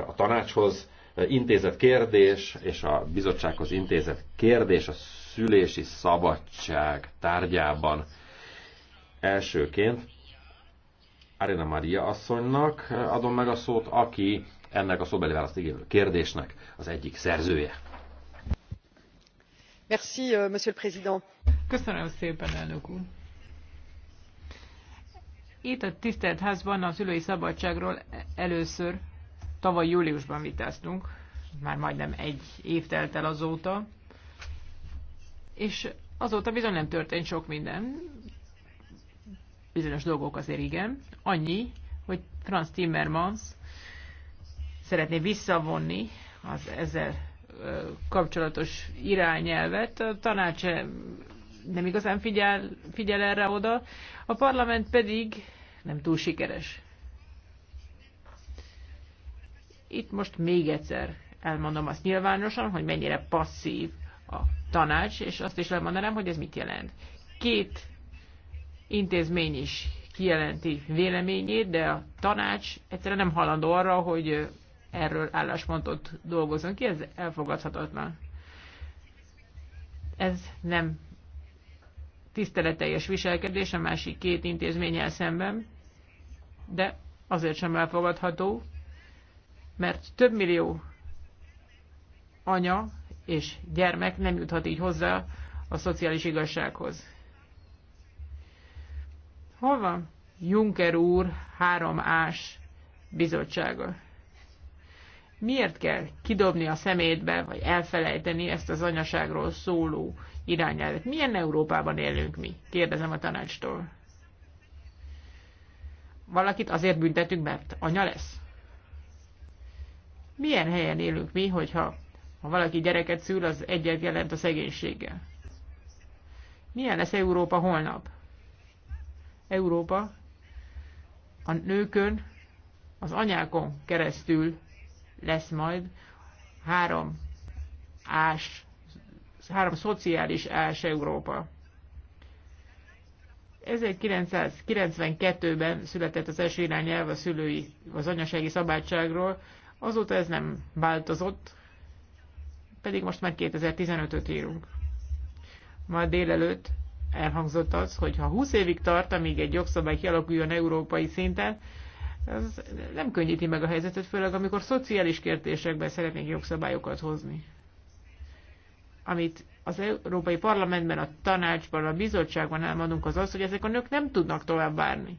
a tanácshoz intézett kérdés és a bizottsághoz intézett kérdés a szülési szabadság tárgyában. Elsőként Arena Maria asszonynak adom meg a szót, aki ennek a szóbeli választ igénylő kérdésnek az egyik szerzője. Merci, euh, monsieur le président. Köszönöm szépen, elnök úr. Itt a tisztelt házban a szülői szabadságról először Tavaly júliusban vitáztunk, már majdnem egy év telt el azóta, és azóta bizony nem történt sok minden, bizonyos dolgok azért igen, annyi, hogy Franz Timmermans szeretné visszavonni az ezzel kapcsolatos irányelvet. A tanács nem igazán figyel, figyel erre oda, a parlament pedig nem túl sikeres. Itt most még egyszer elmondom azt nyilvánosan, hogy mennyire passzív a tanács, és azt is elmondanám, hogy ez mit jelent. Két intézmény is kijelenti véleményét, de a tanács egyszerűen nem halandó arra, hogy erről álláspontot dolgozzon ki, ez elfogadhatatlan. Ez nem tiszteleteljes viselkedés a másik két intézménnyel szemben, de azért sem elfogadható, mert több millió anya és gyermek nem juthat így hozzá a szociális igazsághoz. Hol van Juncker úr 3-ás bizottsága? Miért kell kidobni a szemétbe, vagy elfelejteni ezt az anyaságról szóló irányelvet? Milyen Európában élünk mi? Kérdezem a tanácstól. Valakit azért büntetünk, mert anya lesz? Milyen helyen élünk mi, hogyha ha valaki gyereket szül, az egyet jelent a szegénységgel? Milyen lesz Európa holnap? Európa a nőkön, az anyákon keresztül lesz majd három ás, három szociális ás Európa. 1992-ben született az első irányelv a szülői, az anyasági szabadságról, Azóta ez nem változott, pedig most már 2015-öt írunk. Ma délelőtt elhangzott az, hogy ha 20 évig tart, amíg egy jogszabály kialakuljon európai szinten, ez nem könnyíti meg a helyzetet, főleg amikor szociális kérdésekben szeretnénk jogszabályokat hozni. Amit az Európai Parlamentben, a tanácsban, a bizottságban elmondunk az az, hogy ezek a nők nem tudnak tovább várni.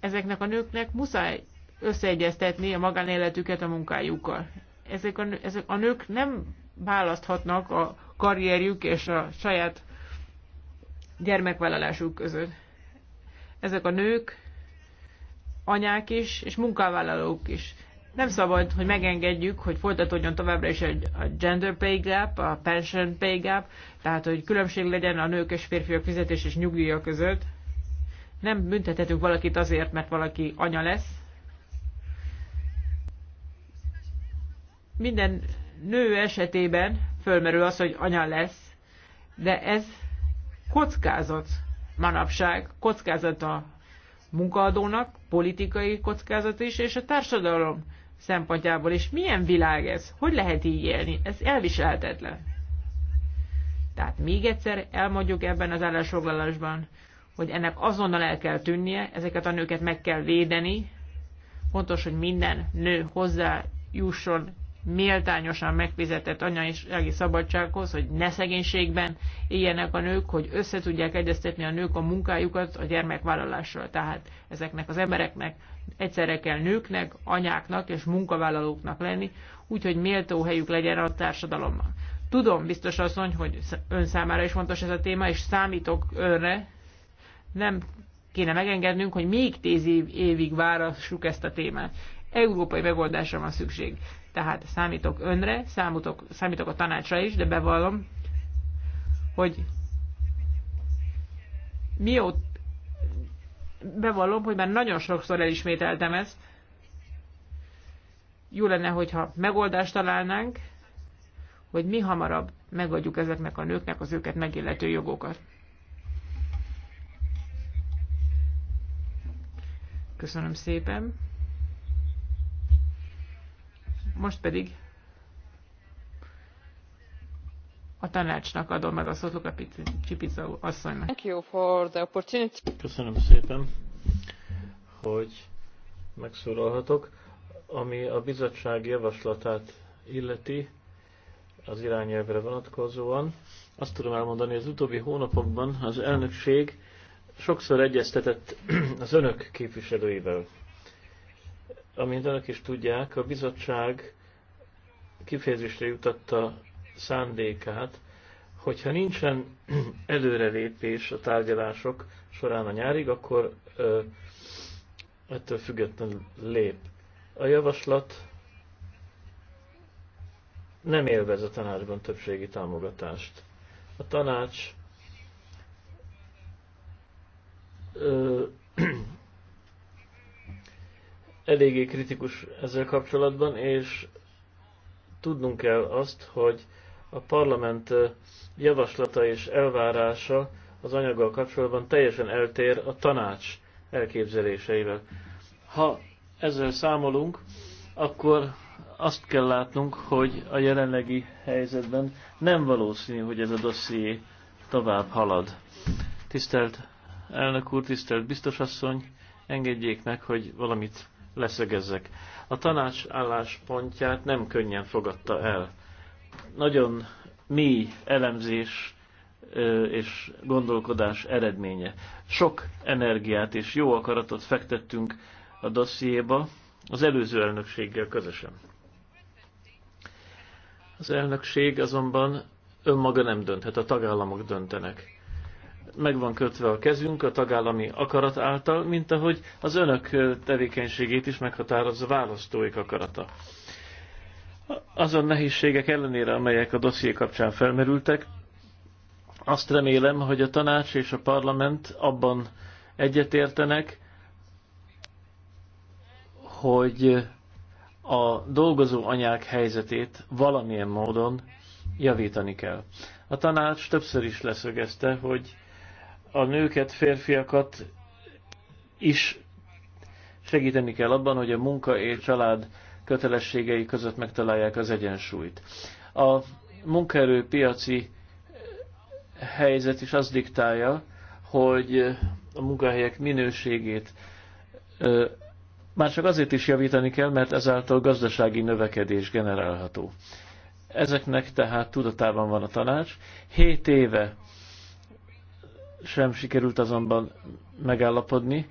Ezeknek a nőknek muszáj összeegyeztetni a magánéletüket a munkájukkal. Ezek a, ezek a nők nem választhatnak a karrierjük és a saját gyermekvállalásuk között. Ezek a nők anyák is, és munkavállalók is. Nem szabad, hogy megengedjük, hogy folytatódjon továbbra is a gender pay gap, a pension pay gap, tehát hogy különbség legyen a nők és férfiak fizetés és nyugdíja között. Nem büntethetünk valakit azért, mert valaki anya lesz, Minden nő esetében fölmerül az, hogy anya lesz, de ez kockázat manapság, kockázat a munkaadónak, politikai kockázat is, és a társadalom szempontjából is. Milyen világ ez? Hogy lehet így élni? Ez elviselhetetlen. Tehát még egyszer elmondjuk ebben az állásfoglalásban, hogy ennek azonnal el kell tűnnie, ezeket a nőket meg kell védeni. Fontos, hogy minden nő hozzá jusson méltányosan megfizetett anyai szabadsághoz, hogy ne szegénységben éljenek a nők, hogy össze tudják egyeztetni a nők a munkájukat a gyermekvállalással. Tehát ezeknek az embereknek egyszerre kell nőknek, anyáknak és munkavállalóknak lenni, úgyhogy méltó helyük legyen a társadalomban. Tudom, biztos asszony, hogy ön számára is fontos ez a téma, és számítok önre. Nem kéne megengednünk, hogy még tíz év, évig várassuk ezt a témát. Európai megoldásra van szükség tehát számítok önre, számítok, számítok a tanácsra is, de bevallom, hogy mióta bevallom, hogy már nagyon sokszor elismételtem ezt. Jó lenne, hogyha megoldást találnánk, hogy mi hamarabb megadjuk ezeknek a nőknek az őket megillető jogokat. Köszönöm szépen. Most pedig a tanácsnak adom meg a szót Luka Csipica asszonynak. Thank you for the opportunity. Köszönöm szépen, hogy megszólalhatok. Ami a bizottság javaslatát illeti, az irányelvre vonatkozóan, azt tudom elmondani, az utóbbi hónapokban az elnökség sokszor egyeztetett az önök képviselőivel Amint önök is tudják, a bizottság kifejezésre jutatta szándékát, hogyha nincsen előrelépés a tárgyalások során a nyárig, akkor ö, ettől függetlenül lép. A javaslat nem élvez a tanácsban többségi támogatást. A tanács ö, eléggé kritikus ezzel kapcsolatban, és tudnunk kell azt, hogy a parlament javaslata és elvárása az anyaggal kapcsolatban teljesen eltér a tanács elképzeléseivel. Ha ezzel számolunk, akkor azt kell látnunk, hogy a jelenlegi helyzetben nem valószínű, hogy ez a dosszié tovább halad. Tisztelt elnök úr, tisztelt biztosasszony, engedjék meg, hogy valamit leszögezzek. A tanács álláspontját nem könnyen fogadta el. Nagyon mély elemzés és gondolkodás eredménye. Sok energiát és jó akaratot fektettünk a dossziéba az előző elnökséggel közösen. Az elnökség azonban önmaga nem dönthet, a tagállamok döntenek meg van kötve a kezünk a tagállami akarat által, mint ahogy az önök tevékenységét is meghatározza választóik akarata. Azon nehézségek ellenére, amelyek a dosszié kapcsán felmerültek, azt remélem, hogy a tanács és a parlament abban egyetértenek, hogy a dolgozó anyák helyzetét valamilyen módon javítani kell. A tanács többször is leszögezte, hogy a nőket, férfiakat is segíteni kell abban, hogy a munka és család kötelességei között megtalálják az egyensúlyt. A munkaerőpiaci helyzet is azt diktálja, hogy a munkahelyek minőségét már csak azért is javítani kell, mert ezáltal gazdasági növekedés generálható. Ezeknek tehát tudatában van a tanács. Hét éve sem sikerült azonban megállapodni,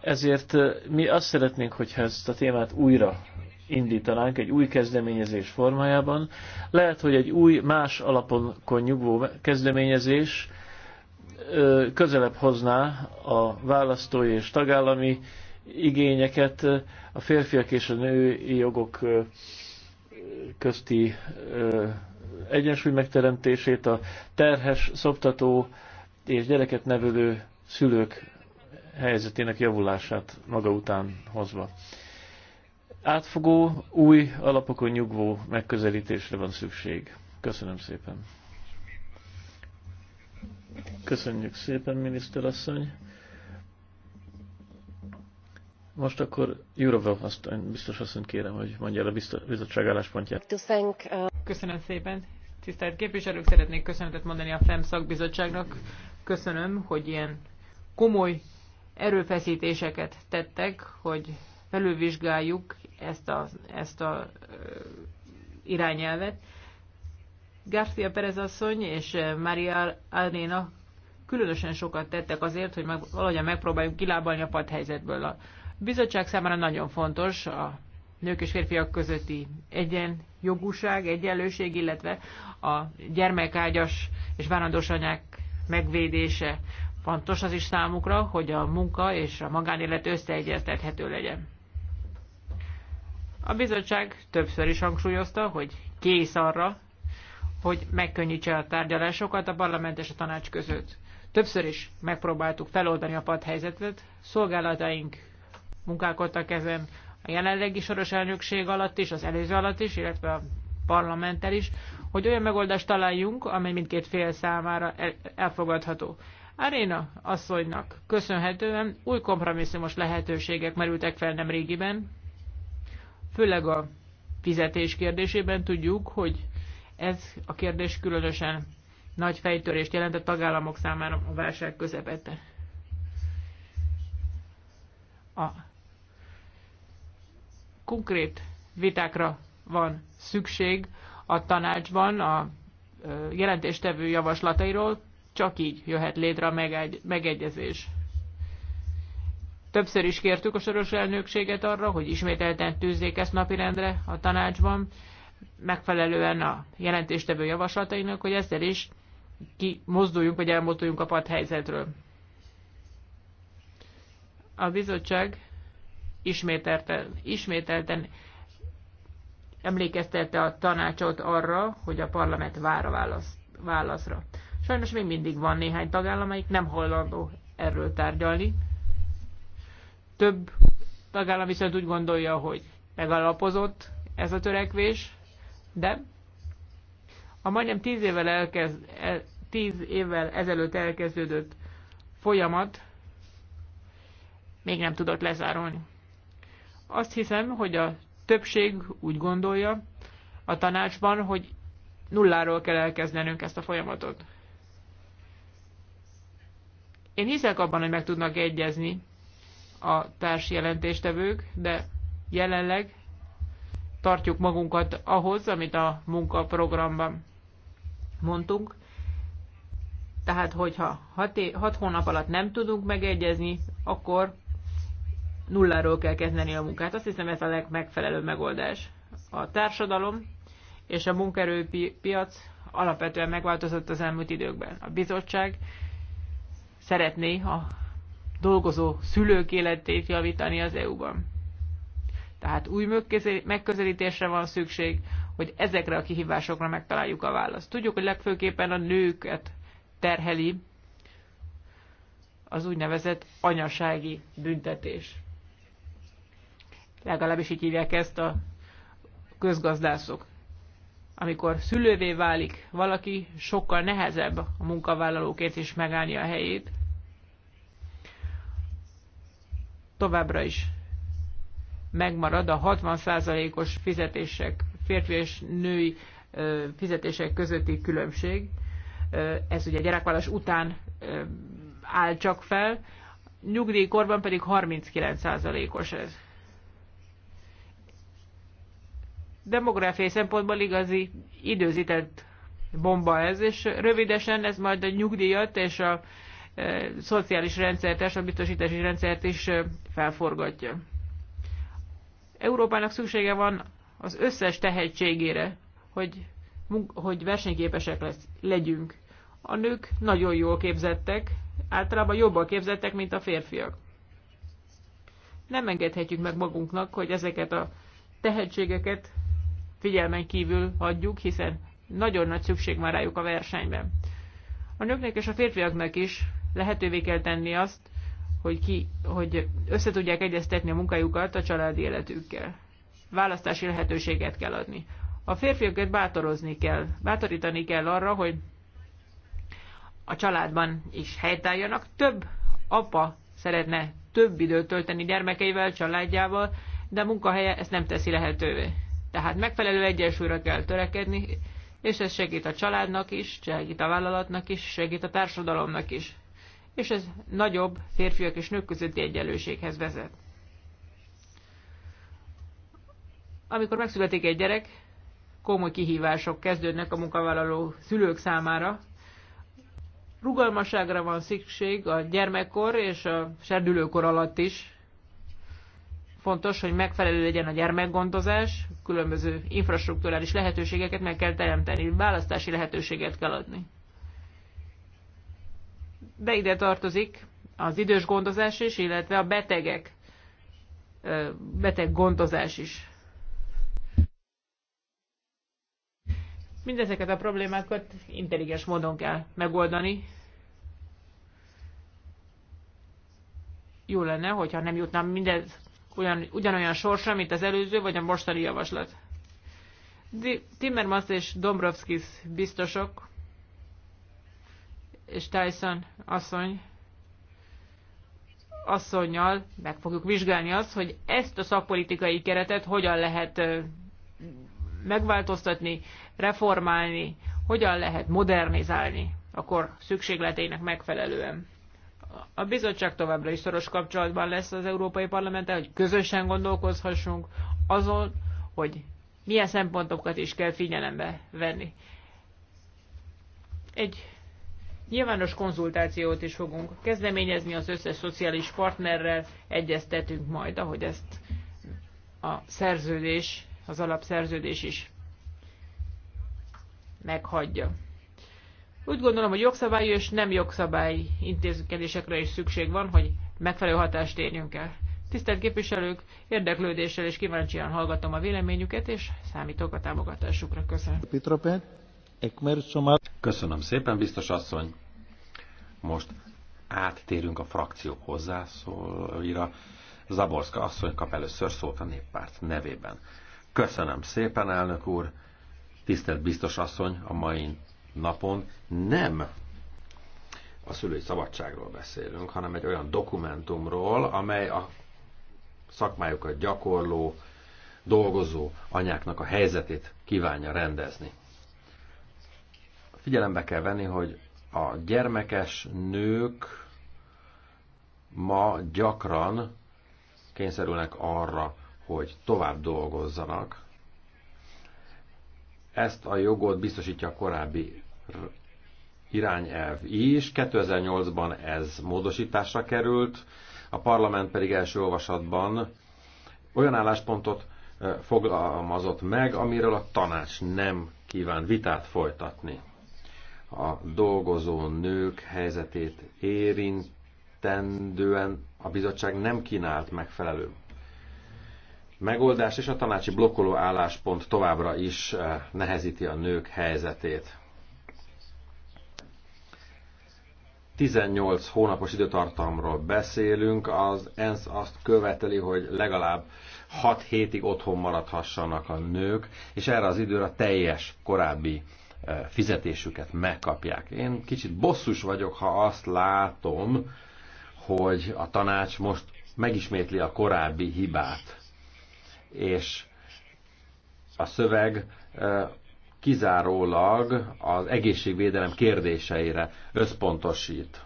ezért mi azt szeretnénk, hogyha ezt a témát újra indítanánk egy új kezdeményezés formájában. Lehet, hogy egy új, más alapon nyugvó kezdeményezés közelebb hozná a választói és tagállami igényeket, a férfiak és a női jogok közti egyensúly megteremtését, a terhes, szoptató és gyereket nevelő szülők helyzetének javulását maga után hozva. Átfogó, új, alapokon nyugvó megközelítésre van szükség. Köszönöm szépen. Köszönjük szépen, miniszterasszony. Most akkor Jurova azt biztos azt kérem, hogy mondja el a bizottság álláspontját. Uh, Köszönöm szépen. Tisztelt képviselők, szeretnék köszönetet mondani a FEM szakbizottságnak. Köszönöm, hogy ilyen komoly erőfeszítéseket tettek, hogy felülvizsgáljuk ezt a, ezt a e, irányelvet. García Perez asszony és Maria Arena különösen sokat tettek azért, hogy meg, valahogyan megpróbáljuk kilábalni a padhelyzetből. A bizottság számára nagyon fontos a nők és férfiak közötti egyen jogúság, egyenlőség, illetve a gyermekágyas és várandós anyák megvédése. Fontos az is számukra, hogy a munka és a magánélet összeegyeztethető legyen. A bizottság többször is hangsúlyozta, hogy kész arra, hogy megkönnyítse a tárgyalásokat a parlament és a tanács között. Többször is megpróbáltuk feloldani a padhelyzetet, szolgálataink munkálkodtak ezen, a jelenlegi soros elnökség alatt is, az előző alatt is, illetve a parlamenttel is, hogy olyan megoldást találjunk, amely mindkét fél számára elfogadható. Aréna asszonynak köszönhetően új kompromisszumos lehetőségek merültek fel nem régiben, főleg a fizetés kérdésében tudjuk, hogy ez a kérdés különösen nagy fejtörést jelent a tagállamok számára a válság közepette. A konkrét vitákra van szükség a tanácsban a jelentéstevő javaslatairól, csak így jöhet létre a megegy megegyezés. Többször is kértük a soros elnökséget arra, hogy ismételten tűzzék ezt napirendre a tanácsban, megfelelően a jelentéstevő javaslatainak, hogy ezzel is kimozduljunk, vagy elmozduljunk a padhelyzetről. A bizottság ismételten, ismételten emlékeztette a tanácsot arra, hogy a parlament vár a válasz, válaszra. Sajnos még mindig van néhány tagállam, amelyik nem hajlandó erről tárgyalni. Több tagállam viszont úgy gondolja, hogy megalapozott ez a törekvés, de a majdnem tíz évvel, elkezd, el, tíz évvel ezelőtt elkezdődött folyamat még nem tudott lezárulni. Azt hiszem, hogy a többség úgy gondolja a tanácsban, hogy nulláról kell elkezdenünk ezt a folyamatot. Én hiszek abban, hogy meg tudnak egyezni a társ jelentéstevők, de jelenleg tartjuk magunkat ahhoz, amit a munkaprogramban mondtunk. Tehát, hogyha hat, hat hónap alatt nem tudunk megegyezni, akkor nulláról kell kezdeni a munkát. Azt hiszem ez a legmegfelelőbb megoldás. A társadalom és a munkerőpiac alapvetően megváltozott az elmúlt időkben. A bizottság szeretné a dolgozó szülők életét javítani az EU-ban. Tehát új megközelítésre van szükség, hogy ezekre a kihívásokra megtaláljuk a választ. Tudjuk, hogy legfőképpen a nőket terheli az úgynevezett anyasági büntetés legalábbis így hívják ezt a közgazdászok. Amikor szülővé válik valaki, sokkal nehezebb a munkavállalókért is megállni a helyét. Továbbra is megmarad a 60%-os fizetések, férfi és női fizetések közötti különbség. Ez ugye gyerekvállás után áll csak fel, nyugdíjkorban pedig 39%-os ez. demográfiai szempontból igazi időzített bomba ez, és rövidesen ez majd a nyugdíjat és a e, szociális rendszert, és a biztosítási rendszert is e, felforgatja. Európának szüksége van az összes tehetségére, hogy, hogy versenyképesek lesz, legyünk. A nők nagyon jól képzettek, általában jobban képzettek, mint a férfiak. Nem engedhetjük meg magunknak, hogy ezeket a tehetségeket figyelmen kívül hagyjuk, hiszen nagyon nagy szükség van rájuk a versenyben. A nőknek és a férfiaknak is lehetővé kell tenni azt, hogy, ki, hogy összetudják egyeztetni a munkájukat a családi életükkel. Választási lehetőséget kell adni. A férfiakat bátorozni kell, bátorítani kell arra, hogy a családban is helytálljanak. Több apa szeretne több időt tölteni gyermekeivel, családjával, de a munkahelye ezt nem teszi lehetővé. Tehát megfelelő egyensúlyra kell törekedni, és ez segít a családnak is, segít a vállalatnak is, segít a társadalomnak is. És ez nagyobb férfiak és nők közötti egyenlőséghez vezet. Amikor megszületik egy gyerek, komoly kihívások kezdődnek a munkavállaló szülők számára. Rugalmasságra van szükség a gyermekkor és a serdülőkor alatt is. Fontos, hogy megfelelő legyen a gyermekgondozás, különböző infrastruktúrális lehetőségeket meg kell teremteni, választási lehetőséget kell adni. De ide tartozik az idős gondozás is, illetve a betegek, beteg gondozás is. Mindezeket a problémákat intelligens módon kell megoldani. Jó lenne, hogyha nem jutnám mindez olyan, ugyanolyan sorsa, mint az előző vagy a mostani javaslat. Timmermans és Dombrovskis biztosok, és Tyson asszony, asszonynal meg fogjuk vizsgálni azt, hogy ezt a szakpolitikai keretet hogyan lehet megváltoztatni, reformálni, hogyan lehet modernizálni, akkor szükségleteinek megfelelően. A bizottság továbbra is szoros kapcsolatban lesz az Európai Parlamenttel, hogy közösen gondolkozhassunk azon, hogy milyen szempontokat is kell figyelembe venni. Egy nyilvános konzultációt is fogunk kezdeményezni az összes szociális partnerrel, egyeztetünk majd, ahogy ezt a szerződés, az alapszerződés is meghagyja. Úgy gondolom, hogy jogszabályi és nem jogszabályi intézkedésekre is szükség van, hogy megfelelő hatást érjünk el. Tisztelt képviselők, érdeklődéssel és kíváncsian hallgatom a véleményüket, és számítok a támogatásukra. Köszönöm. Köszönöm szépen, biztos asszony. Most áttérünk a frakciók hozzászólóira. Zaborska asszony kap először szót a néppárt nevében. Köszönöm szépen, elnök úr. Tisztelt biztos asszony, a mai napon nem a szülői szabadságról beszélünk, hanem egy olyan dokumentumról, amely a szakmájukat gyakorló, dolgozó anyáknak a helyzetét kívánja rendezni. Figyelembe kell venni, hogy a gyermekes nők ma gyakran kényszerülnek arra, hogy tovább dolgozzanak. Ezt a jogot biztosítja a korábbi irányelv is. 2008-ban ez módosításra került, a parlament pedig első olvasatban olyan álláspontot fogalmazott meg, amiről a tanács nem kíván vitát folytatni. A dolgozó nők helyzetét érintendően a bizottság nem kínált megfelelő megoldás, és a tanácsi blokkoló álláspont továbbra is nehezíti a nők helyzetét. 18 hónapos időtartamról beszélünk, az ENSZ azt követeli, hogy legalább 6 hétig otthon maradhassanak a nők, és erre az időre teljes korábbi e, fizetésüket megkapják. Én kicsit bosszus vagyok, ha azt látom, hogy a tanács most megismétli a korábbi hibát, és a szöveg e, kizárólag az egészségvédelem kérdéseire összpontosít.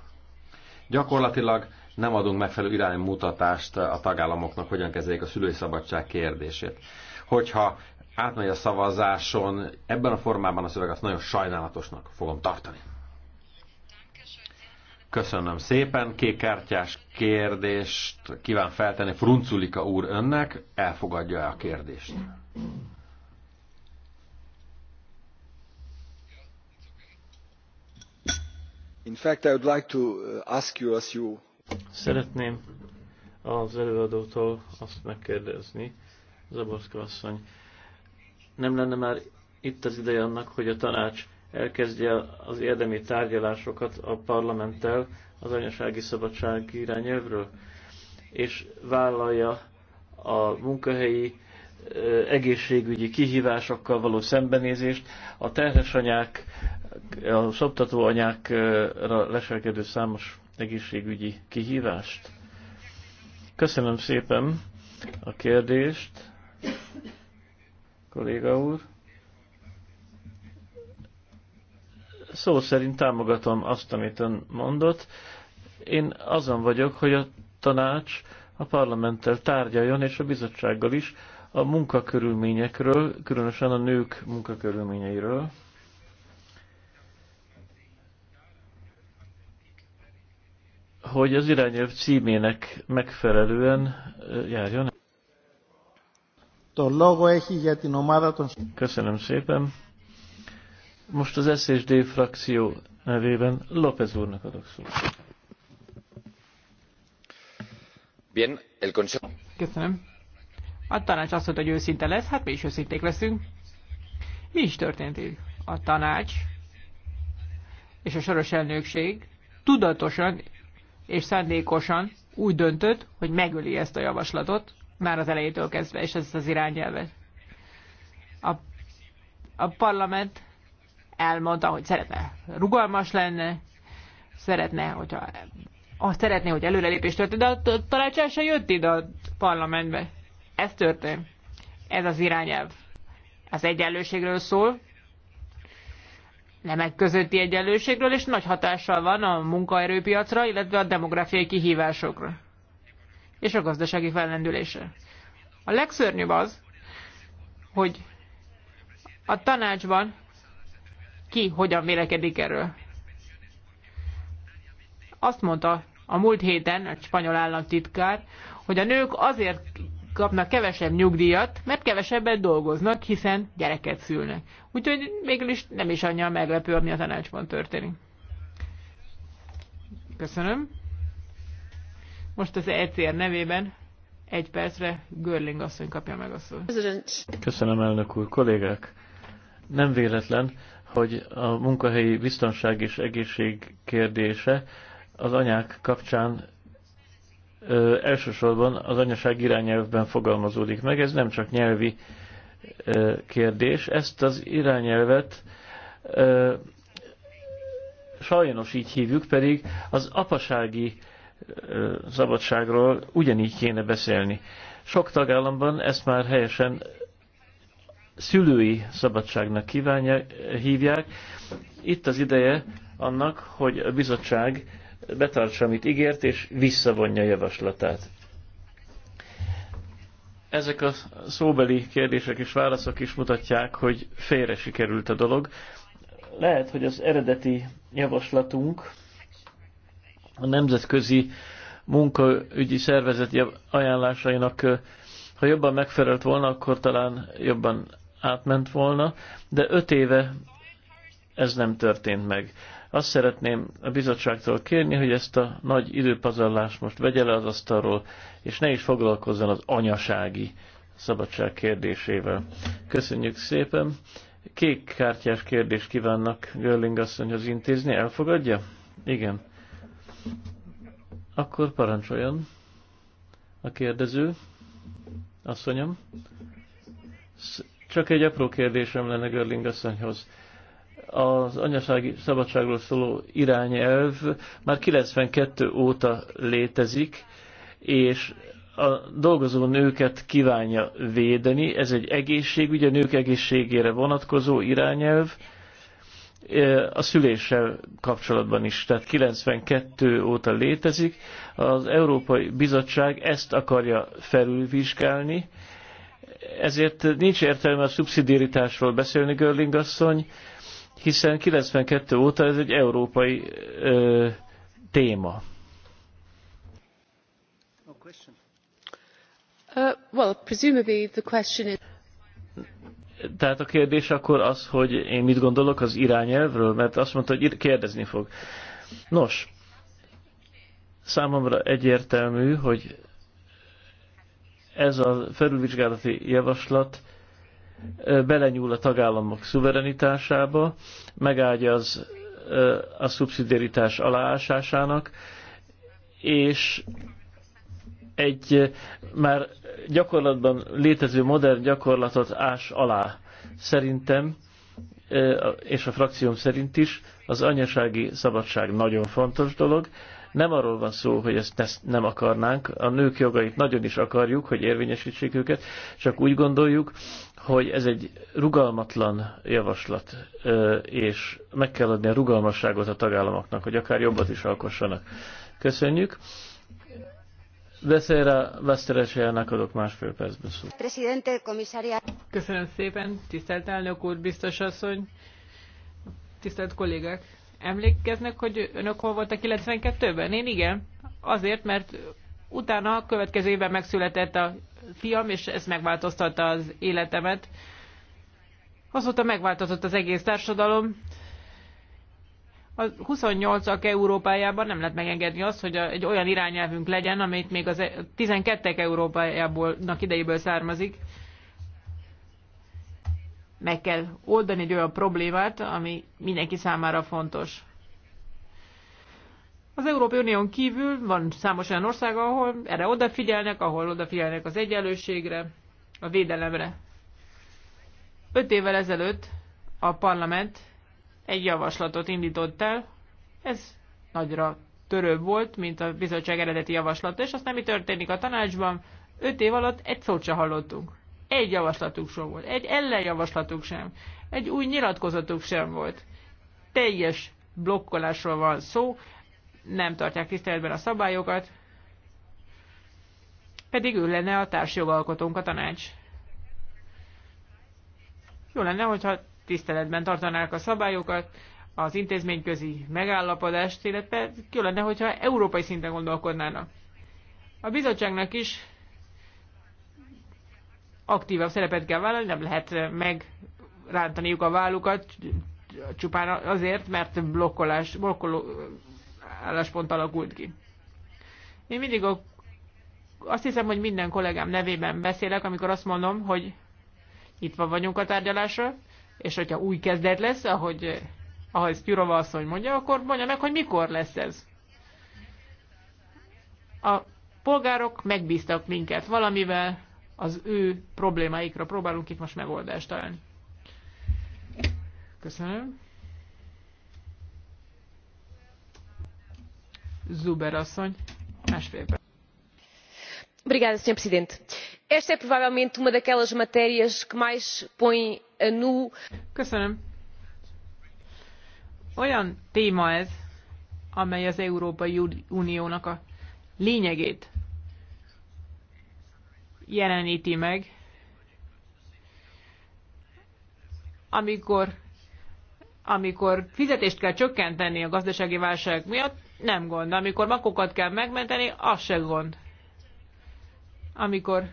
Gyakorlatilag nem adunk megfelelő iránymutatást a tagállamoknak, hogyan kezelik a szülői szabadság kérdését. Hogyha átmegy a szavazáson, ebben a formában a szöveg azt nagyon sajnálatosnak fogom tartani. Köszönöm szépen. Kékkártyás kérdést kíván feltenni Frunculika úr önnek. Elfogadja-e a kérdést? Uh, Szeretném az előadótól azt megkérdezni, Zaborszka asszony, nem lenne már itt az ideje annak, hogy a tanács elkezdje az érdemi tárgyalásokat a parlamenttel az anyasági szabadság irányelvről, és vállalja a munkahelyi egészségügyi kihívásokkal való szembenézést, a terhes anyák a anyákra leselkedő számos egészségügyi kihívást? Köszönöm szépen a kérdést, kolléga úr. Szó szerint támogatom azt, amit ön mondott. Én azon vagyok, hogy a tanács a parlamenttel tárgyaljon, és a bizottsággal is a munkakörülményekről, különösen a nők munkakörülményeiről. hogy az irányelv címének megfelelően járjon. Köszönöm szépen. Most az SSD frakció nevében López úrnak adok szót. Bien, el Köszönöm. A tanács azt mondta, hogy őszinte lesz, hát mi is őszinték leszünk. Mi is történt így? A tanács és a soros elnökség tudatosan és szándékosan úgy döntött, hogy megöli ezt a javaslatot, már az elejétől kezdve, és ez az irányelvet. A, a parlament elmondta, hogy szeretne rugalmas lenne, szeretne, hogyha azt szeretné, hogy előrelépés történt, de a tanácsán sem jött ide a parlamentbe. Ez történt. Ez az irányelv. Az egyenlőségről szól, nemek közötti egyenlőségről, és nagy hatással van a munkaerőpiacra, illetve a demográfiai kihívásokra és a gazdasági fellendülésre. A legszörnyűbb az, hogy a tanácsban ki hogyan vélekedik erről. Azt mondta a múlt héten a spanyol államtitkár, hogy a nők azért kapnak kevesebb nyugdíjat, mert kevesebbet dolgoznak, hiszen gyereket szülnek. Úgyhogy végül is nem is annyira meglepő, ami a tanácsban történik. Köszönöm. Most az ECR nevében egy percre Görling asszony kapja meg a szót. Köszönöm, elnök úr. Kollégák, nem véletlen, hogy a munkahelyi biztonság és egészség kérdése az anyák kapcsán ö, elsősorban az anyaság irányelvben fogalmazódik meg. Ez nem csak nyelvi ö, kérdés. Ezt az irányelvet ö, sajnos így hívjuk, pedig az apasági ö, szabadságról ugyanígy kéne beszélni. Sok tagállamban ezt már helyesen szülői szabadságnak kívánja, hívják. Itt az ideje annak, hogy a bizottság betartsa, amit ígért, és visszavonja javaslatát. Ezek a szóbeli kérdések és válaszok is mutatják, hogy félre sikerült a dolog. Lehet, hogy az eredeti javaslatunk a nemzetközi munkaügyi szervezet ajánlásainak, ha jobban megfelelt volna, akkor talán jobban átment volna, de öt éve ez nem történt meg. Azt szeretném a bizottságtól kérni, hogy ezt a nagy időpazarlást most vegye le az asztalról, és ne is foglalkozzon az anyasági szabadság kérdésével. Köszönjük szépen! Kék kártyás kérdést kívánnak Görling asszonyhoz intézni. Elfogadja? Igen. Akkor parancsoljon a kérdező. Asszonyom. Csak egy apró kérdésem lenne Görling asszonyhoz az anyasági szabadságról szóló irányelv már 92 óta létezik, és a dolgozó nőket kívánja védeni. Ez egy egészségügy, a nők egészségére vonatkozó irányelv, e, a szüléssel kapcsolatban is, tehát 92 óta létezik. Az Európai Bizottság ezt akarja felülvizsgálni, ezért nincs értelme a szubszidiaritásról beszélni, Görling asszony, hiszen 92 óta ez egy európai ö, téma. Uh, well, presumably the question is... Tehát a kérdés akkor az, hogy én mit gondolok az irányelvről, mert azt mondta, hogy kérdezni fog. Nos, számomra egyértelmű, hogy ez a felülvizsgálati javaslat belenyúl a tagállamok szuverenitásába, megáldja az, a szubszidiaritás aláásásának, és egy már gyakorlatban létező modern gyakorlatot ás alá. Szerintem, és a frakcióm szerint is, az anyasági szabadság nagyon fontos dolog, nem arról van szó, hogy ezt nem akarnánk, a nők jogait nagyon is akarjuk, hogy érvényesítsék őket, csak úgy gondoljuk, hogy ez egy rugalmatlan javaslat, és meg kell adni a rugalmasságot a tagállamoknak, hogy akár jobbat is alkossanak. Köszönjük. Beszélre Vesztereselnek adok másfél percben szó. Köszönöm szépen, tisztelt elnök úr, biztos asszony, tisztelt kollégák! Emlékeznek, hogy önök hol voltak 92-ben? Én igen. Azért, mert utána a következő évben megszületett a fiam, és ez megváltoztatta az életemet. Azóta megváltozott az egész társadalom. A 28-ak Európájában nem lehet megengedni azt, hogy egy olyan irányelvünk legyen, amit még a 12-ek Európájából idejéből származik meg kell oldani egy olyan problémát, ami mindenki számára fontos. Az Európai Unión kívül van számos olyan ország, ahol erre odafigyelnek, ahol odafigyelnek az egyenlőségre, a védelemre. Öt évvel ezelőtt a parlament egy javaslatot indított el, ez nagyra törőbb volt, mint a bizottság eredeti javaslata, és azt nem mi történik a tanácsban? Öt év alatt egy szót se hallottunk egy javaslatuk sem volt, egy ellenjavaslatuk sem, egy új nyilatkozatuk sem volt. Teljes blokkolásról van szó, nem tartják tiszteletben a szabályokat, pedig ő lenne a társjogalkotónk a tanács. Jó lenne, hogyha tiszteletben tartanák a szabályokat, az intézményközi megállapodást, illetve jó lenne, hogyha európai szinten gondolkodnának. A bizottságnak is aktívabb szerepet kell vállalni, nem lehet eh, megrántaniuk a vállukat csupán azért, mert blokkolás, blokkoló eh, álláspont alakult ki. Én mindig a, azt hiszem, hogy minden kollégám nevében beszélek, amikor azt mondom, hogy itt van vagyunk a tárgyalásra, és hogyha új kezdet lesz, ahogy eh, ahogy Spirova asszony mondja, akkor mondja meg, hogy mikor lesz ez. A polgárok megbíztak minket valamivel, az ő problémáikra próbálunk itt most megoldást találni. Köszönöm. Zuber asszony, másfélben. Obrigada, Sr. Presidente. Esta é provavelmente uma daquelas matérias que mais põe a nu. Köszönöm. Olyan téma ez, amely az Európai Uniónak a lényegét jeleníti meg, amikor, amikor fizetést kell csökkenteni a gazdasági válság miatt, nem gond. Amikor makokat kell megmenteni, az se gond. Amikor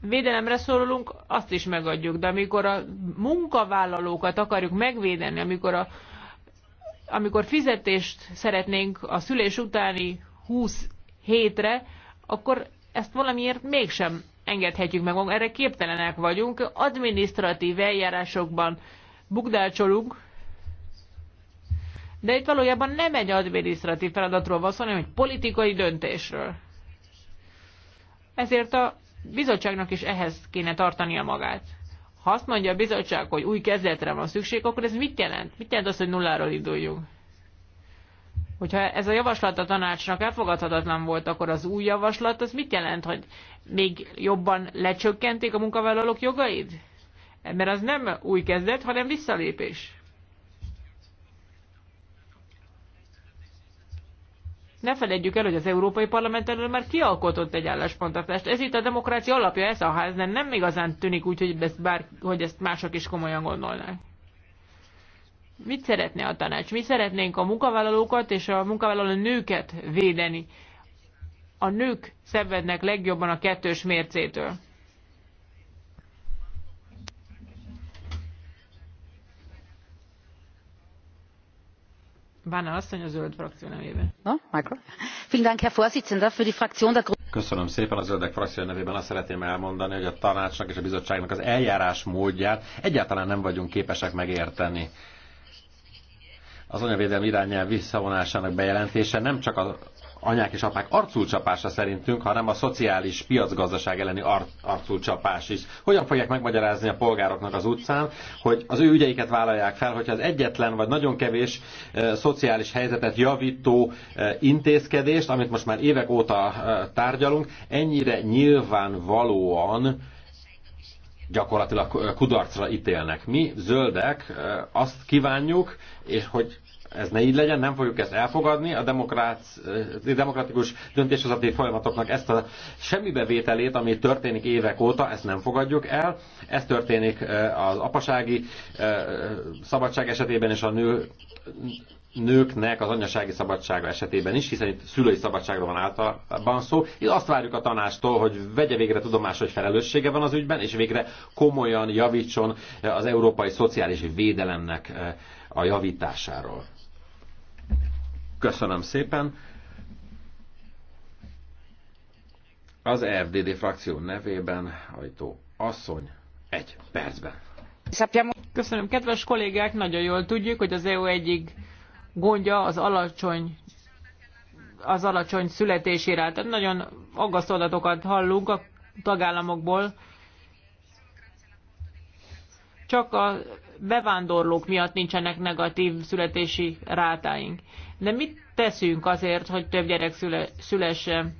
védelemre szorulunk, azt is megadjuk, de amikor a munkavállalókat akarjuk megvédeni, amikor, a, amikor fizetést szeretnénk a szülés utáni 20 hétre, akkor ezt valamiért mégsem engedhetjük meg magunk, erre képtelenek vagyunk, administratív eljárásokban bukdácsolunk, de itt valójában nem egy adminisztratív feladatról van szó, hanem egy politikai döntésről. Ezért a bizottságnak is ehhez kéne tartania magát. Ha azt mondja a bizottság, hogy új kezdetre van szükség, akkor ez mit jelent? Mit jelent az, hogy nulláról induljunk? Hogyha ez a javaslat a tanácsnak elfogadhatatlan volt, akkor az új javaslat, az mit jelent, hogy még jobban lecsökkenték a munkavállalók jogait? Mert az nem új kezdet, hanem visszalépés. Ne felejtjük el, hogy az Európai Parlament elől már kialkotott egy álláspontatást. Ez itt a demokrácia alapja, ez a ház, de nem igazán tűnik úgy, hogy ezt, bár, hogy ezt mások is komolyan gondolnák. Mit szeretne a tanács? Mi szeretnénk a munkavállalókat és a munkavállaló nőket védeni. A nők szenvednek legjobban a kettős mércétől. Bána asszony a zöld frakció nevében. Köszönöm szépen a zöldek frakció nevében. Azt szeretném elmondani, hogy a tanácsnak és a bizottságnak az eljárás módját egyáltalán nem vagyunk képesek megérteni az anyavédelmi irányelv visszavonásának bejelentése nem csak az anyák és apák arculcsapása szerintünk, hanem a szociális piacgazdaság elleni ar- arculcsapás is. Hogyan fogják megmagyarázni a polgároknak az utcán, hogy az ő ügyeiket vállalják fel, hogyha az egyetlen vagy nagyon kevés e, szociális helyzetet javító e, intézkedést, amit most már évek óta e, tárgyalunk, ennyire nyilvánvalóan gyakorlatilag kudarcra ítélnek. Mi, zöldek, azt kívánjuk, és hogy ez ne így legyen, nem fogjuk ezt elfogadni, a demokratikus döntéshozati folyamatoknak ezt a semmibevételét, ami történik évek óta, ezt nem fogadjuk el. Ez történik az apasági szabadság esetében és a nő nőknek az anyasági szabadsága esetében is, hiszen itt szülői szabadságról van általában szó. Itt azt várjuk a tanástól, hogy vegye végre tudomás, hogy felelőssége van az ügyben, és végre komolyan javítson az európai szociális védelemnek eh, a javításáról. Köszönöm szépen. Az RDD frakció nevében hajtó asszony egy percben. Köszönöm, kedves kollégák, nagyon jól tudjuk, hogy az EU egyik gondja az alacsony az alacsony születésére. Tehát nagyon aggasztódatokat hallunk a tagállamokból. Csak a bevándorlók miatt nincsenek negatív születési rátáink. De mit teszünk azért, hogy több gyerek szüle, szülessen?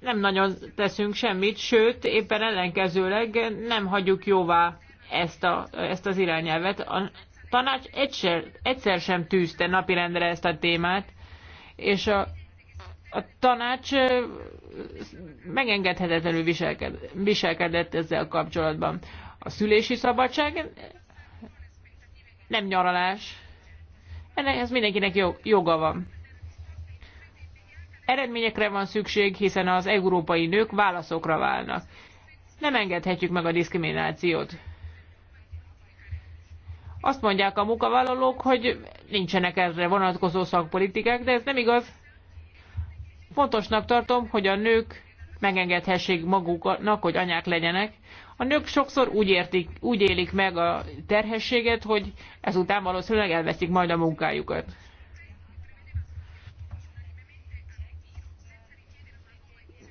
Nem nagyon teszünk semmit, sőt, éppen ellenkezőleg nem hagyjuk jóvá ezt, a, ezt az irányelvet. A tanács egyszer, egyszer sem tűzte napirendre ezt a témát, és a, a tanács megengedhetetlenül viselked, viselkedett ezzel kapcsolatban. A szülési szabadság nem nyaralás. Ennek ez mindenkinek joga van. Eredményekre van szükség, hiszen az európai nők válaszokra válnak. Nem engedhetjük meg a diszkriminációt. Azt mondják a munkavállalók, hogy nincsenek erre vonatkozó szakpolitikák, de ez nem igaz. Fontosnak tartom, hogy a nők megengedhessék maguknak, hogy anyák legyenek. A nők sokszor úgy, értik, úgy élik meg a terhességet, hogy ezután valószínűleg elveszik majd a munkájukat.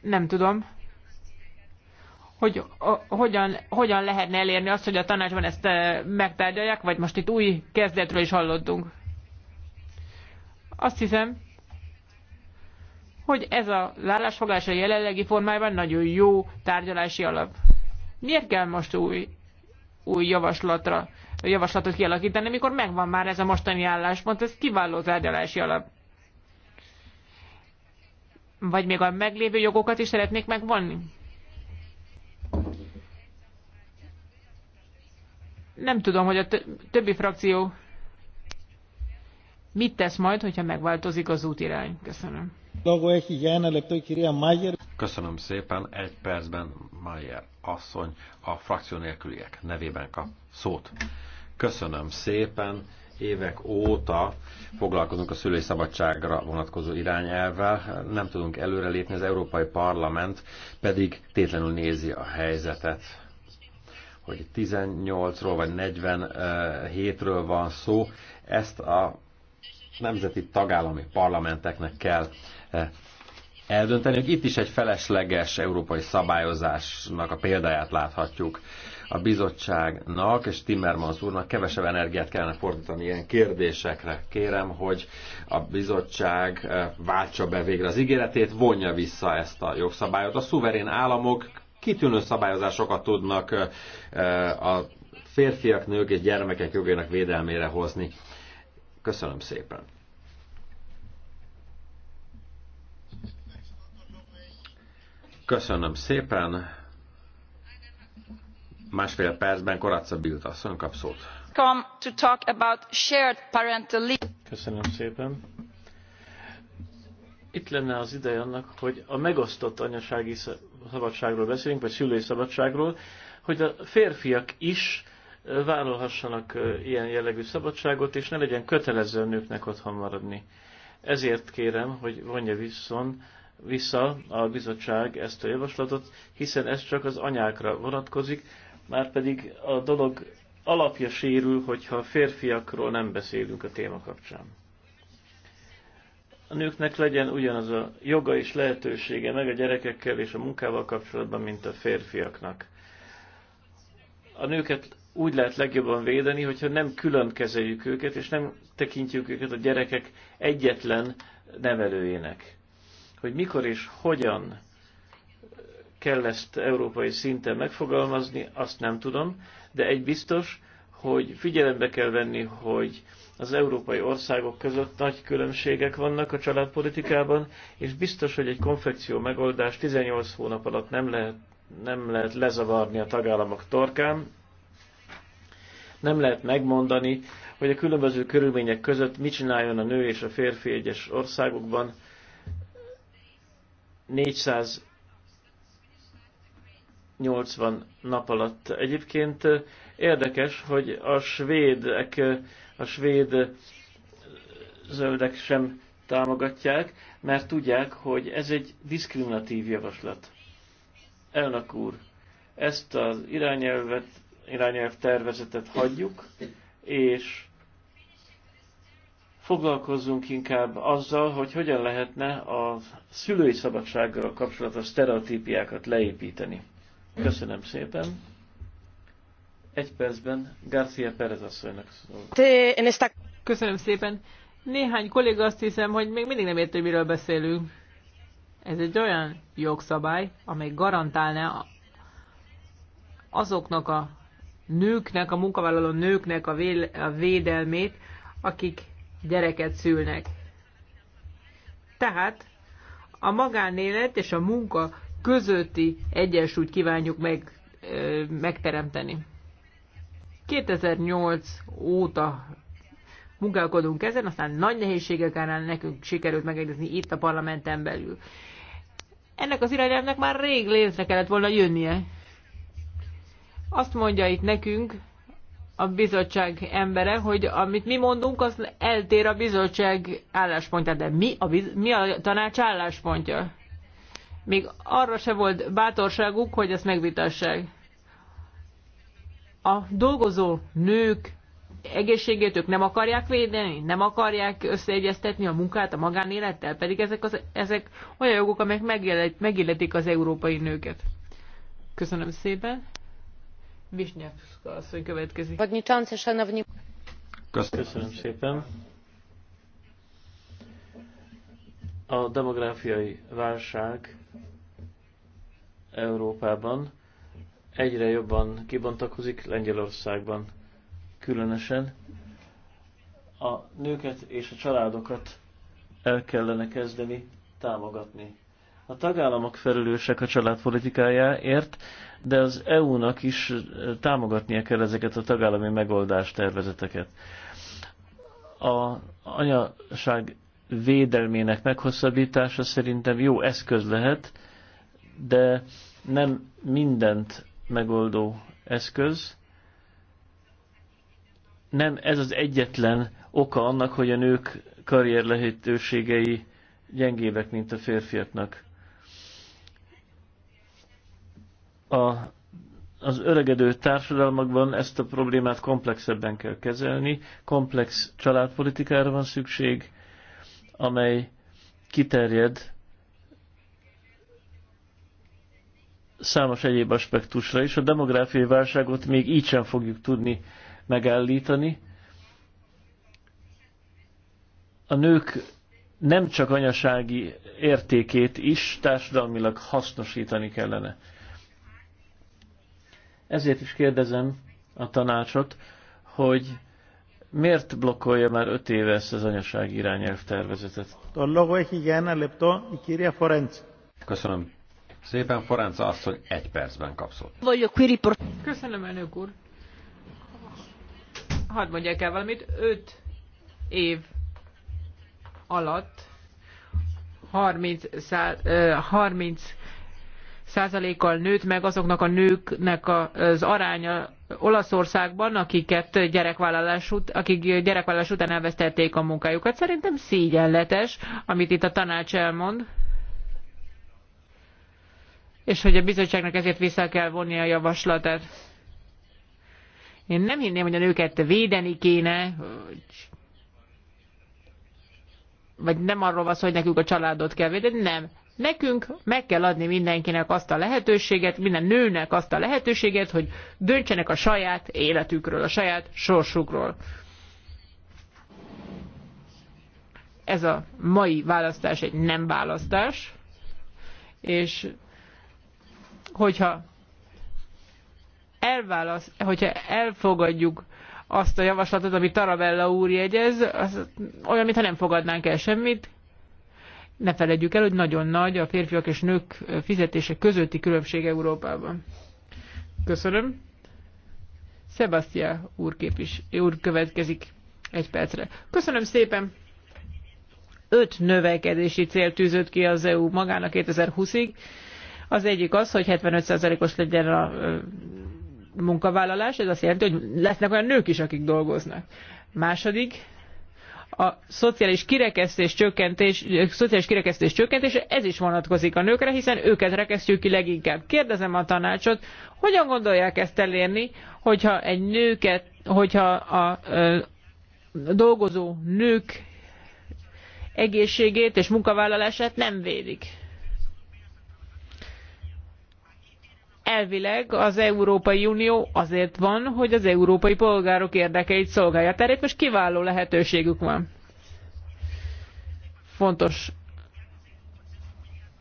Nem tudom hogy a, hogyan, hogyan lehetne elérni azt, hogy a tanácsban ezt megtárgyalják, vagy most itt új kezdetről is hallottunk. Azt hiszem, hogy ez a állásfoglalás a jelenlegi formájában nagyon jó tárgyalási alap. Miért kell most új, új javaslatra, javaslatot kialakítani, mikor megvan már ez a mostani álláspont, ez kiváló tárgyalási alap. Vagy még a meglévő jogokat is szeretnék megvonni? nem tudom, hogy a többi frakció mit tesz majd, hogyha megváltozik az útirány. Köszönöm. Köszönöm szépen. Egy percben Mayer asszony a frakció nélküliek nevében kap szót. Köszönöm szépen. Évek óta foglalkozunk a szülői szabadságra vonatkozó irányelvvel. Nem tudunk előrelépni, az Európai Parlament pedig tétlenül nézi a helyzetet hogy 18-ról vagy 47-ről van szó, ezt a nemzeti tagállami parlamenteknek kell eh, eldönteni, itt is egy felesleges európai szabályozásnak a példáját láthatjuk a bizottságnak és Timmermans úrnak kevesebb energiát kellene fordítani ilyen kérdésekre. Kérem, hogy a bizottság eh, váltsa be végre az ígéretét, vonja vissza ezt a jogszabályot. A szuverén államok kitűnő szabályozásokat tudnak a férfiak, nők és gyermekek jogainak védelmére hozni. Köszönöm szépen! Köszönöm szépen! Másfél percben Koratza Bilt asszony kap szót. Köszönöm szépen! Itt lenne az ideje annak, hogy a megosztott anyasági szabadságról beszélünk, vagy szülői szabadságról, hogy a férfiak is vállalhassanak ilyen jellegű szabadságot, és ne legyen kötelező a nőknek otthon maradni. Ezért kérem, hogy vonja viszont vissza a bizottság ezt a javaslatot, hiszen ez csak az anyákra vonatkozik, már pedig a dolog alapja sérül, hogyha a férfiakról nem beszélünk a téma kapcsán a nőknek legyen ugyanaz a joga és lehetősége meg a gyerekekkel és a munkával kapcsolatban, mint a férfiaknak. A nőket úgy lehet legjobban védeni, hogyha nem külön kezeljük őket, és nem tekintjük őket a gyerekek egyetlen nevelőjének. Hogy mikor és hogyan kell ezt európai szinten megfogalmazni, azt nem tudom, de egy biztos, hogy figyelembe kell venni, hogy az európai országok között nagy különbségek vannak a családpolitikában, és biztos, hogy egy konfekció megoldás 18 hónap alatt nem lehet, nem lehet lezavarni a tagállamok torkán, nem lehet megmondani, hogy a különböző körülmények között mit csináljon a nő és a férfi egyes országokban. 400 80 nap alatt. Egyébként érdekes, hogy a svédek a svéd zöldek sem támogatják, mert tudják, hogy ez egy diszkriminatív javaslat. Elnök úr, ezt az irányelvet, irányelv tervezetet hagyjuk, és foglalkozzunk inkább azzal, hogy hogyan lehetne a szülői szabadsággal kapcsolatos sztereotípiákat leépíteni. Köszönöm szépen! Egy percben García Pérez asszonynak szól. Köszönöm szépen. Néhány kolléga azt hiszem, hogy még mindig nem ért, hogy miről beszélünk. Ez egy olyan jogszabály, amely garantálná azoknak a nőknek, a munkavállaló nőknek a, véle, a védelmét, akik gyereket szülnek. Tehát a magánélet és a munka közötti egyensúlyt kívánjuk meg, ö, megteremteni. 2008 óta munkálkodunk ezen, aztán nagy nehézségek árán nekünk sikerült megegyezni itt a parlamenten belül. Ennek az irányelvnek már rég létre kellett volna jönnie. Azt mondja itt nekünk a bizottság embere, hogy amit mi mondunk, az eltér a bizottság álláspontja, de mi a, biz- mi a tanács álláspontja? Még arra se volt bátorságuk, hogy ezt megvitassák a dolgozó nők egészségét ők nem akarják védeni, nem akarják összeegyeztetni a munkát a magánélettel, pedig ezek, az, ezek olyan jogok, amelyek megilletik az európai nőket. Köszönöm szépen. Visnyevska asszony következik. Köszönöm szépen. A demográfiai válság Európában egyre jobban kibontakozik, Lengyelországban különösen. A nőket és a családokat el kellene kezdeni támogatni. A tagállamok felelősek a családpolitikájáért, de az EU-nak is támogatnia kell ezeket a tagállami megoldás tervezeteket. A anyaság védelmének meghosszabbítása szerintem jó eszköz lehet, de nem mindent megoldó eszköz. Nem ez az egyetlen oka annak, hogy a nők karrier lehetőségei gyengébbek, mint a férfiaknak. A, az öregedő társadalmakban ezt a problémát komplexebben kell kezelni, komplex családpolitikára van szükség, amely kiterjed számos egyéb aspektusra is. A demográfiai válságot még így sem fogjuk tudni megállítani. A nők nem csak anyasági értékét is társadalmilag hasznosítani kellene. Ezért is kérdezem a tanácsot, hogy miért blokkolja már öt éve ezt az anyasági irányelv tervezetet? Köszönöm. Szépen Forenca asszony egy percben kapszott. Köszönöm, elnök úr. Hadd mondják el valamit. Öt év alatt 30, szá, 30 százalékkal nőtt meg azoknak a nőknek az aránya Olaszországban, akiket gyerekvállalás, ut- akik gyerekvállalás után elvesztették a munkájukat. Szerintem szégyenletes, amit itt a tanács elmond és hogy a bizottságnak ezért vissza kell vonni a javaslatát. Én nem hinném, hogy a nőket védeni kéne, vagy, vagy nem arról van szó, hogy nekünk a családot kell védeni, nem. Nekünk meg kell adni mindenkinek azt a lehetőséget, minden nőnek azt a lehetőséget, hogy döntsenek a saját életükről, a saját sorsukról. Ez a mai választás egy nem választás, és hogyha elválasz, hogyha elfogadjuk azt a javaslatot, amit Tarabella úr jegyez, az olyan, mintha nem fogadnánk el semmit. Ne felejtjük el, hogy nagyon nagy a férfiak és nők fizetése közötti különbség Európában. Köszönöm. Sebastian úr, képvis, úr következik egy percre. Köszönöm szépen. Öt növekedési cél tűzött ki az EU magának 2020-ig. Az egyik az, hogy 75%-os legyen a munkavállalás, ez azt jelenti, hogy lesznek olyan nők is, akik dolgoznak. Második, a szociális kirekesztés csökkentés, szociális kirekesztés csökkentése, ez is vonatkozik a nőkre, hiszen őket rekesztjük ki leginkább. Kérdezem a tanácsot, hogyan gondolják ezt elérni, hogyha egy nőket, hogyha a, a, a dolgozó nők egészségét és munkavállalását nem védik. elvileg az Európai Unió azért van, hogy az európai polgárok érdekeit szolgálja. Tehát itt most kiváló lehetőségük van. Fontos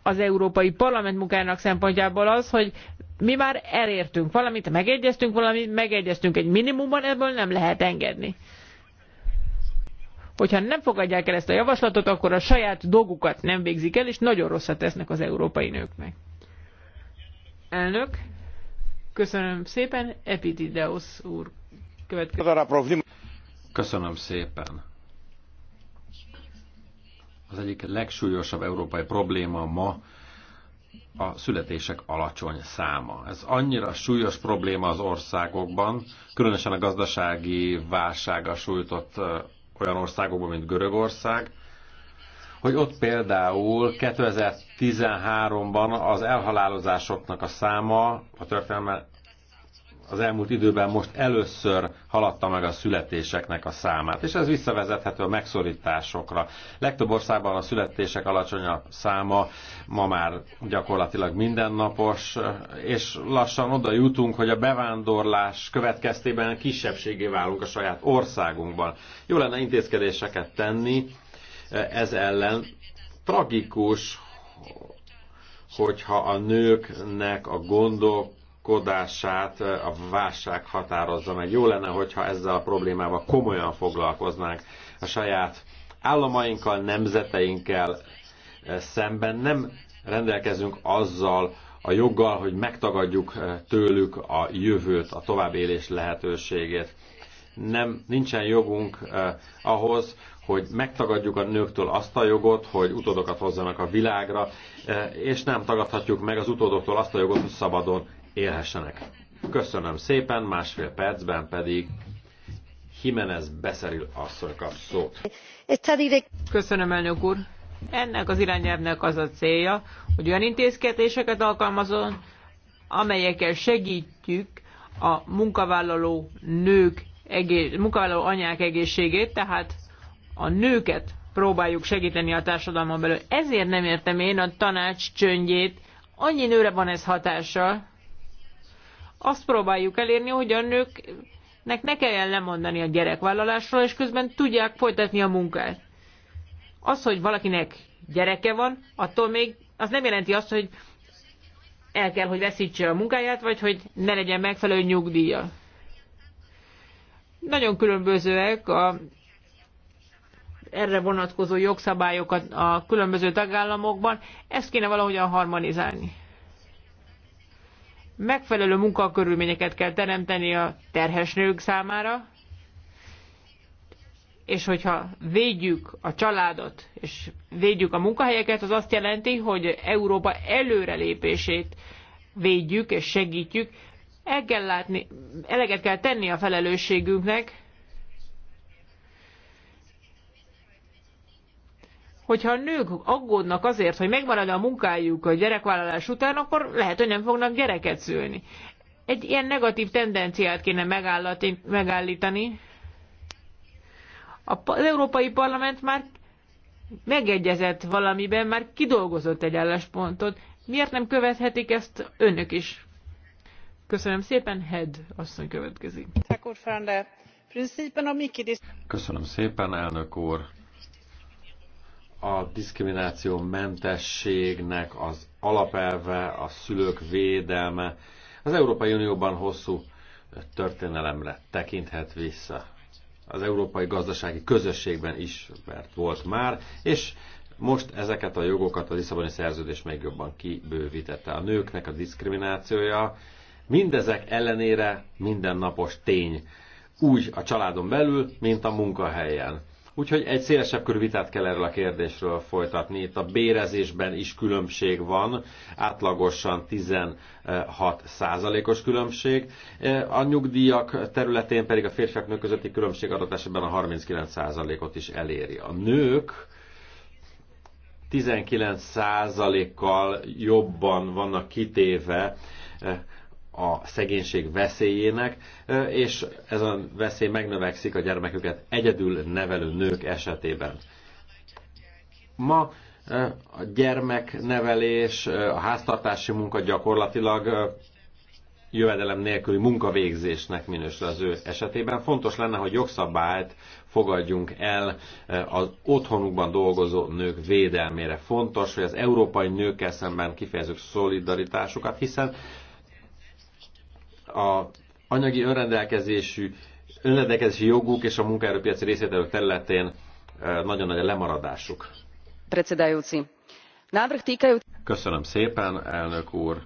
az Európai Parlament munkájának szempontjából az, hogy mi már elértünk valamit, megegyeztünk valamit, megegyeztünk egy minimumban, ebből nem lehet engedni. Hogyha nem fogadják el ezt a javaslatot, akkor a saját dolgukat nem végzik el, és nagyon rosszat tesznek az európai nőknek. Elnök, köszönöm szépen, Epidideus úr következő. Köszönöm szépen. Az egyik legsúlyosabb európai probléma ma a születések alacsony száma. Ez annyira súlyos probléma az országokban, különösen a gazdasági válsága sújtott olyan országokban, mint Görögország, hogy ott például 2013-ban az elhalálozásoknak a száma a történelme az elmúlt időben most először haladta meg a születéseknek a számát, és ez visszavezethető a megszorításokra. Legtöbb országban a születések alacsonyabb száma ma már gyakorlatilag mindennapos, és lassan oda jutunk, hogy a bevándorlás következtében kisebbségé válunk a saját országunkban. Jó lenne intézkedéseket tenni, ez ellen. Tragikus, hogyha a nőknek a gondok, kodását a válság határozza meg. Jó lenne, hogyha ezzel a problémával komolyan foglalkoznánk a saját államainkkal, nemzeteinkkel eh, szemben. Nem rendelkezünk azzal a joggal, hogy megtagadjuk eh, tőlük a jövőt, a továbbélés lehetőségét. Nem, nincsen jogunk eh, ahhoz, hogy megtagadjuk a nőktől azt a jogot, hogy utódokat hozzanak a világra, e, és nem tagadhatjuk meg az utódoktól azt a jogot, hogy szabadon élhessenek. Köszönöm szépen, másfél percben pedig Jimenez beszerül asszony kap szót. Köszönöm, elnök úr. Ennek az irányelvnek az a célja, hogy olyan intézkedéseket alkalmazon, amelyekkel segítjük a munkavállaló nők, egész, munkavállaló anyák egészségét, tehát a nőket próbáljuk segíteni a társadalmon belül. Ezért nem értem én a tanács csöndjét. Annyi nőre van ez hatással. Azt próbáljuk elérni, hogy a nőknek ne kelljen lemondani a gyerekvállalásról, és közben tudják folytatni a munkát. Az, hogy valakinek gyereke van, attól még az nem jelenti azt, hogy el kell, hogy veszítse a munkáját, vagy hogy ne legyen megfelelő nyugdíja. Nagyon különbözőek a erre vonatkozó jogszabályokat a különböző tagállamokban, ezt kéne valahogyan harmonizálni. Megfelelő munkakörülményeket kell teremteni a terhes nők számára, és hogyha védjük a családot, és védjük a munkahelyeket, az azt jelenti, hogy Európa előrelépését védjük és segítjük. El kell látni, eleget kell tenni a felelősségünknek, hogyha a nők aggódnak azért, hogy megmarad a munkájuk a gyerekvállalás után, akkor lehet, hogy nem fognak gyereket szülni. Egy ilyen negatív tendenciát kéne megállítani. Az Európai Parlament már megegyezett valamiben, már kidolgozott egy álláspontot. Miért nem követhetik ezt önök is? Köszönöm szépen, Head asszony következik. Köszönöm szépen, elnök úr a diszkrimináció mentességnek az alapelve, a szülők védelme. Az Európai Unióban hosszú történelemre tekinthet vissza. Az Európai Gazdasági Közösségben is mert volt már, és most ezeket a jogokat a Lisszaboni szerződés még jobban kibővítette. A nőknek a diszkriminációja mindezek ellenére mindennapos tény, úgy a családon belül, mint a munkahelyen Úgyhogy egy szélesebb körű vitát kell erről a kérdésről folytatni. Itt a bérezésben is különbség van, átlagosan 16 százalékos különbség. A nyugdíjak területén pedig a férfiak nők közötti különbség adott esetben a 39 százalékot is eléri. A nők 19 százalékkal jobban vannak kitéve a szegénység veszélyének, és ez a veszély megnövekszik a gyermeküket egyedül nevelő nők esetében. Ma a gyermeknevelés, a háztartási munka gyakorlatilag jövedelem nélküli munkavégzésnek minősül az ő esetében. Fontos lenne, hogy jogszabályt fogadjunk el az otthonukban dolgozó nők védelmére. Fontos, hogy az európai nőkkel szemben kifejezzük szolidaritásukat, hiszen a anyagi önrendelkezésű, önrendelkezési joguk és a munkaerőpiaci részvételő területén e, nagyon nagy a lemaradásuk. Köszönöm szépen, elnök úr.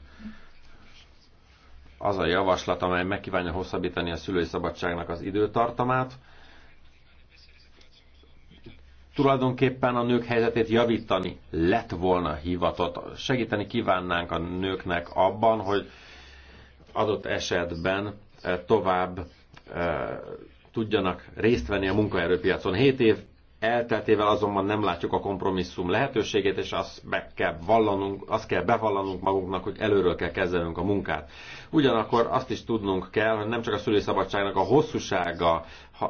Az a javaslat, amely megkívánja hosszabbítani a szülői szabadságnak az időtartamát, tulajdonképpen a nők helyzetét javítani lett volna hivatott. Segíteni kívánnánk a nőknek abban, hogy adott esetben eh, tovább eh, tudjanak részt venni a munkaerőpiacon. Hét év elteltével azonban nem látjuk a kompromisszum lehetőségét, és azt, be kell vallanunk, azt kell bevallanunk magunknak, hogy előről kell kezdenünk a munkát. Ugyanakkor azt is tudnunk kell, hogy nem csak a szülőszabadságnak a hosszúsága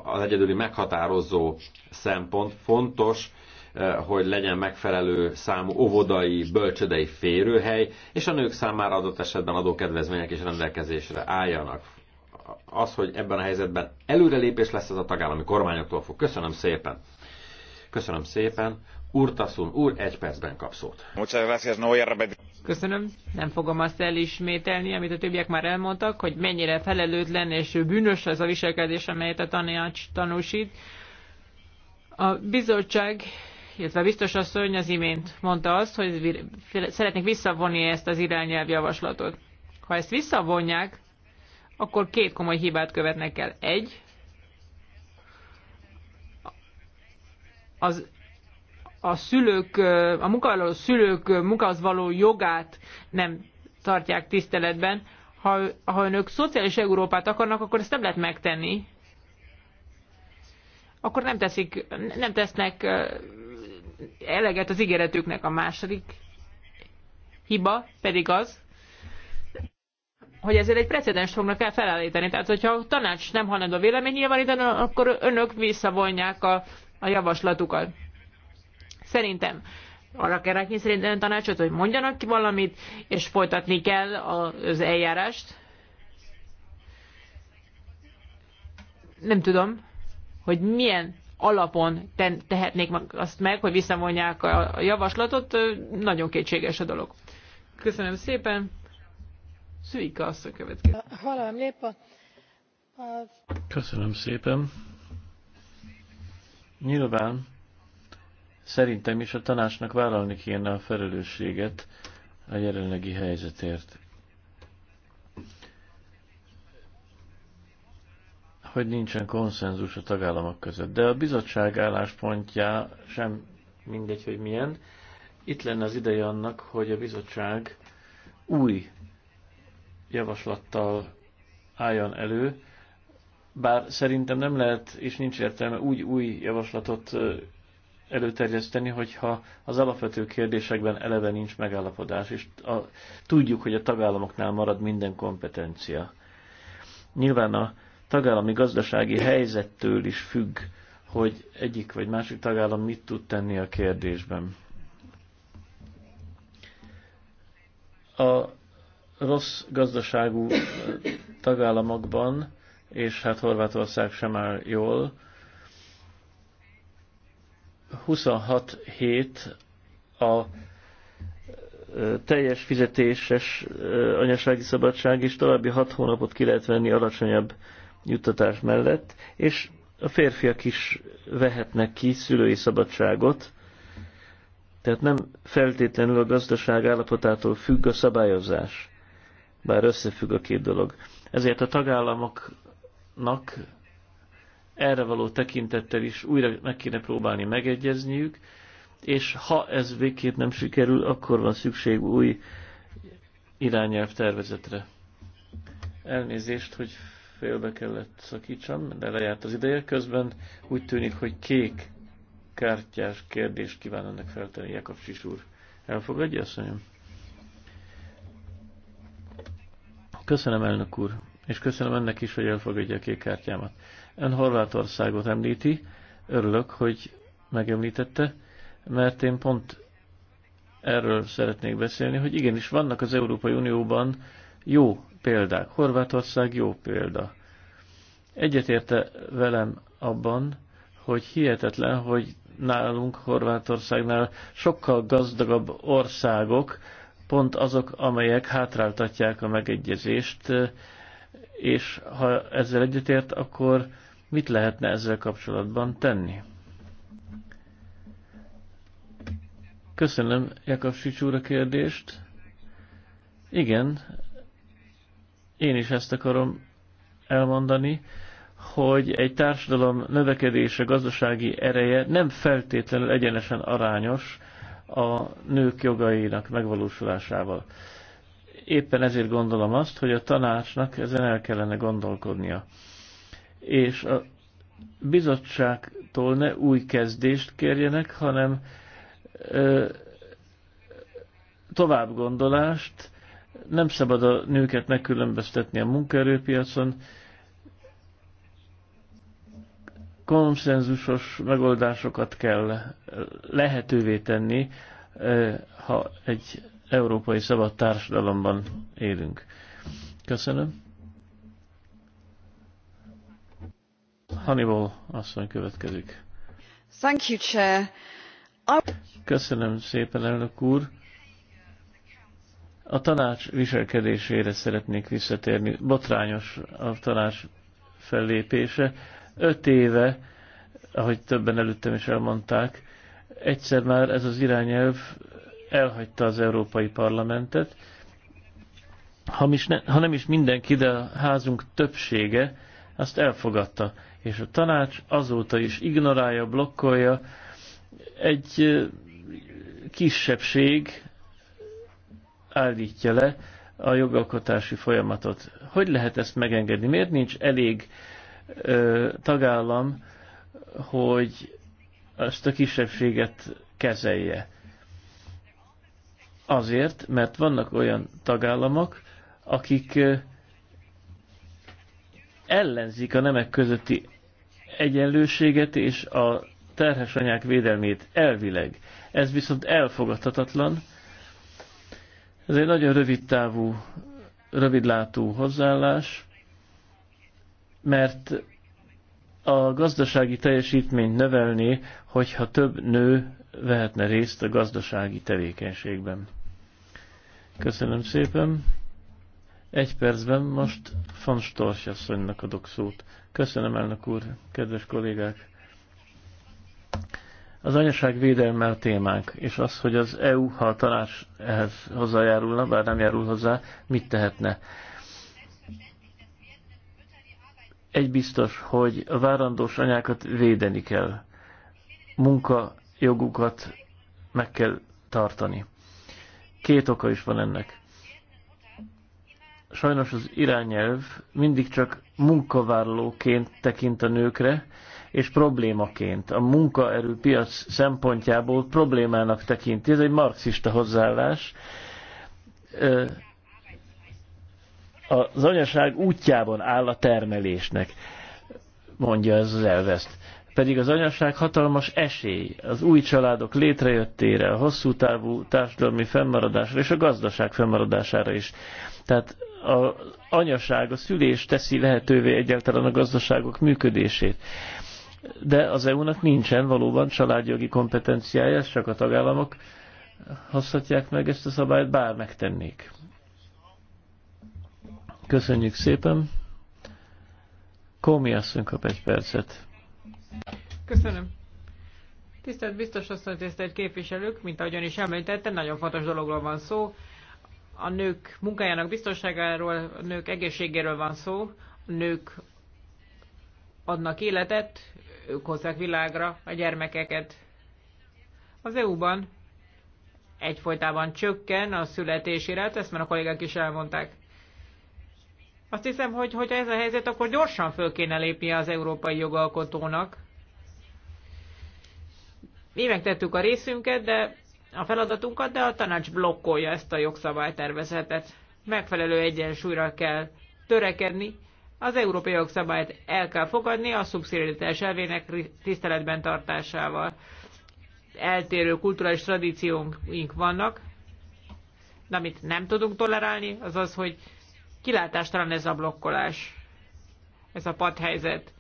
az egyedüli meghatározó szempont, fontos, Eh, hogy legyen megfelelő számú óvodai, bölcsödei férőhely, és a nők számára adott esetben adókedvezmények is rendelkezésre álljanak. Az, hogy ebben a helyzetben előrelépés lesz ez a tagállami kormányoktól fog. Köszönöm szépen! Köszönöm szépen! Urtasun úr egy percben kap szót. Köszönöm. Nem fogom azt elismételni, amit a többiek már elmondtak, hogy mennyire felelőtlen és bűnös az a viselkedés, amelyet a tanács tanúsít. A bizottság illetve biztos asszony az imént mondta azt, hogy szeretnék visszavonni ezt az irányelvjavaslatot. Ha ezt visszavonják, akkor két komoly hibát követnek el. Egy, az a szülők, a munkavállaló szülők munkahoz való jogát nem tartják tiszteletben. Ha, ha önök szociális Európát akarnak, akkor ezt nem lehet megtenni. Akkor nem, teszik, nem tesznek eleget az ígéretüknek. A második hiba pedig az, hogy ezért egy precedens fognak kell felállítani. Tehát, hogyha a tanács nem a vélemény nyilvánítani, akkor önök visszavonják a, a javaslatukat. Szerintem arra kell rákni szerintem tanácsot, hogy mondjanak ki valamit, és folytatni kell az eljárást. Nem tudom, hogy milyen alapon tehetnék azt meg, hogy visszavonják a javaslatot, nagyon kétséges a dolog. Köszönöm szépen. következő. asszony lépa. Köszönöm szépen. Nyilván szerintem is a tanácsnak vállalni kéne a felelősséget a jelenlegi helyzetért. hogy nincsen konszenzus a tagállamok között. De a bizottság álláspontja sem mindegy, hogy milyen. Itt lenne az ideje annak, hogy a bizottság új javaslattal álljon elő, bár szerintem nem lehet és nincs értelme úgy új javaslatot előterjeszteni, hogyha az alapvető kérdésekben eleve nincs megállapodás, és a, tudjuk, hogy a tagállamoknál marad minden kompetencia. Nyilván a tagállami gazdasági helyzettől is függ, hogy egyik vagy másik tagállam mit tud tenni a kérdésben. A rossz gazdaságú tagállamokban, és hát Horvátország sem áll jól, 26 hét a teljes fizetéses anyasági szabadság, és további 6 hónapot ki lehet venni alacsonyabb juttatás mellett, és a férfiak is vehetnek ki szülői szabadságot, tehát nem feltétlenül a gazdaság állapotától függ a szabályozás, bár összefügg a két dolog. Ezért a tagállamoknak erre való tekintettel is újra meg kéne próbálni megegyezniük, és ha ez végképp nem sikerül, akkor van szükség új irányelv tervezetre. Elnézést, hogy félbe kellett szakítsam, de lejárt az ideje. Közben úgy tűnik, hogy kék kártyás kérdést kíván önnek feltenni Jakab Sis úr. Elfogadja, asszonyom? Köszönöm, elnök úr, és köszönöm ennek is, hogy elfogadja a kék kártyámat. Ön Horvátországot említi, örülök, hogy megemlítette, mert én pont erről szeretnék beszélni, hogy igenis vannak az Európai Unióban jó példák. Horvátország jó példa. Egyetérte velem abban, hogy hihetetlen, hogy nálunk Horvátországnál sokkal gazdagabb országok, pont azok, amelyek hátráltatják a megegyezést, és ha ezzel egyetért, akkor mit lehetne ezzel kapcsolatban tenni? Köszönöm Jakab Sics úr a kérdést. Igen, én is ezt akarom elmondani, hogy egy társadalom növekedése, gazdasági ereje nem feltétlenül egyenesen arányos a nők jogainak megvalósulásával. Éppen ezért gondolom azt, hogy a tanácsnak ezen el kellene gondolkodnia. És a bizottságtól ne új kezdést kérjenek, hanem ö, tovább gondolást, nem szabad a nőket megkülönböztetni a munkaerőpiacon. Konszenzusos megoldásokat kell lehetővé tenni, eh, ha egy európai szabad társadalomban élünk. Köszönöm. Hannibal asszony következik. Thank you, Chair. Köszönöm szépen, elnök úr. A tanács viselkedésére szeretnék visszatérni. Botrányos a tanács fellépése. Öt éve, ahogy többen előttem is elmondták, egyszer már ez az irányelv elhagyta az Európai Parlamentet. Ha, ne, ha nem is mindenki, de a házunk többsége azt elfogadta. És a tanács azóta is ignorálja, blokkolja. Egy kisebbség, állítja le a jogalkotási folyamatot. Hogy lehet ezt megengedni? Miért nincs elég ö, tagállam, hogy ezt a kisebbséget kezelje? Azért, mert vannak olyan tagállamok, akik ö, ellenzik a nemek közötti egyenlőséget és a terhes anyák védelmét elvileg. Ez viszont elfogadhatatlan, ez egy nagyon rövid távú, rövidlátó hozzáállás, mert a gazdasági teljesítményt növelni, hogyha több nő vehetne részt a gazdasági tevékenységben. Köszönöm szépen. Egy percben most Van Storch asszonynak adok szót. Köszönöm, elnök úr, kedves kollégák! Az anyaság védelme a témánk, és az, hogy az EU, ha a tanács ehhez hozzájárulna, bár nem járul hozzá, mit tehetne? Egy biztos, hogy a várandós anyákat védeni kell. Munka jogukat meg kell tartani. Két oka is van ennek. Sajnos az irányelv mindig csak munkavállalóként tekint a nőkre, és problémaként, a munkaerőpiac szempontjából problémának tekinti. Ez egy marxista hozzáállás. Az anyaság útjában áll a termelésnek, mondja ez az elveszt. Pedig az anyaság hatalmas esély az új családok létrejöttére, a hosszú távú társadalmi fennmaradásra és a gazdaság fennmaradására is. Tehát az anyaság, a szülés teszi lehetővé egyáltalán a gazdaságok működését de az EU-nak nincsen valóban családjogi kompetenciája, ezt csak a tagállamok hozhatják meg ezt a szabályt, bár megtennék. Köszönjük szépen. Kómi asszony kap egy percet. Köszönöm. Tisztelt biztos asszony, tisztelt képviselők, mint ahogyan is említette, nagyon fontos dologról van szó. A nők munkájának biztonságáról, a nők egészségéről van szó, a nők adnak életet, ők hozzák világra a gyermekeket. Az EU-ban egyfolytában csökken a születési rát, ezt már a kollégák is elmondták. Azt hiszem, hogy hogyha ez a helyzet, akkor gyorsan föl kéne lépnie az európai jogalkotónak. Mi megtettük a részünket, de a feladatunkat, de a tanács blokkolja ezt a jogszabálytervezetet. Megfelelő egyensúlyra kell törekedni, az európai jogszabályt el kell fogadni a szubszidiaritás elvének tiszteletben tartásával. Eltérő kulturális tradícióink vannak, de amit nem tudunk tolerálni, az az, hogy kilátástalan ez a blokkolás, ez a padhelyzet.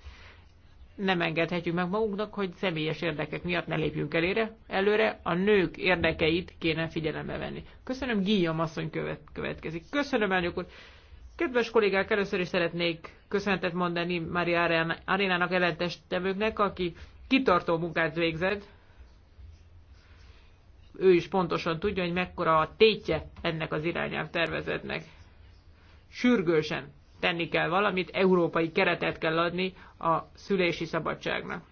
Nem engedhetjük meg magunknak, hogy személyes érdekek miatt ne lépjünk elére, előre, a nők érdekeit kéne figyelembe venni. Köszönöm, Guillaume asszony követ, következik. Köszönöm, elnök úr. Kedves kollégák, először is szeretnék köszönetet mondani Mária Arénának ellentestevőknek, aki kitartó munkát végzett. Ő is pontosan tudja, hogy mekkora a tétje ennek az irányáv tervezetnek. Sürgősen tenni kell valamit, európai keretet kell adni a szülési szabadságnak.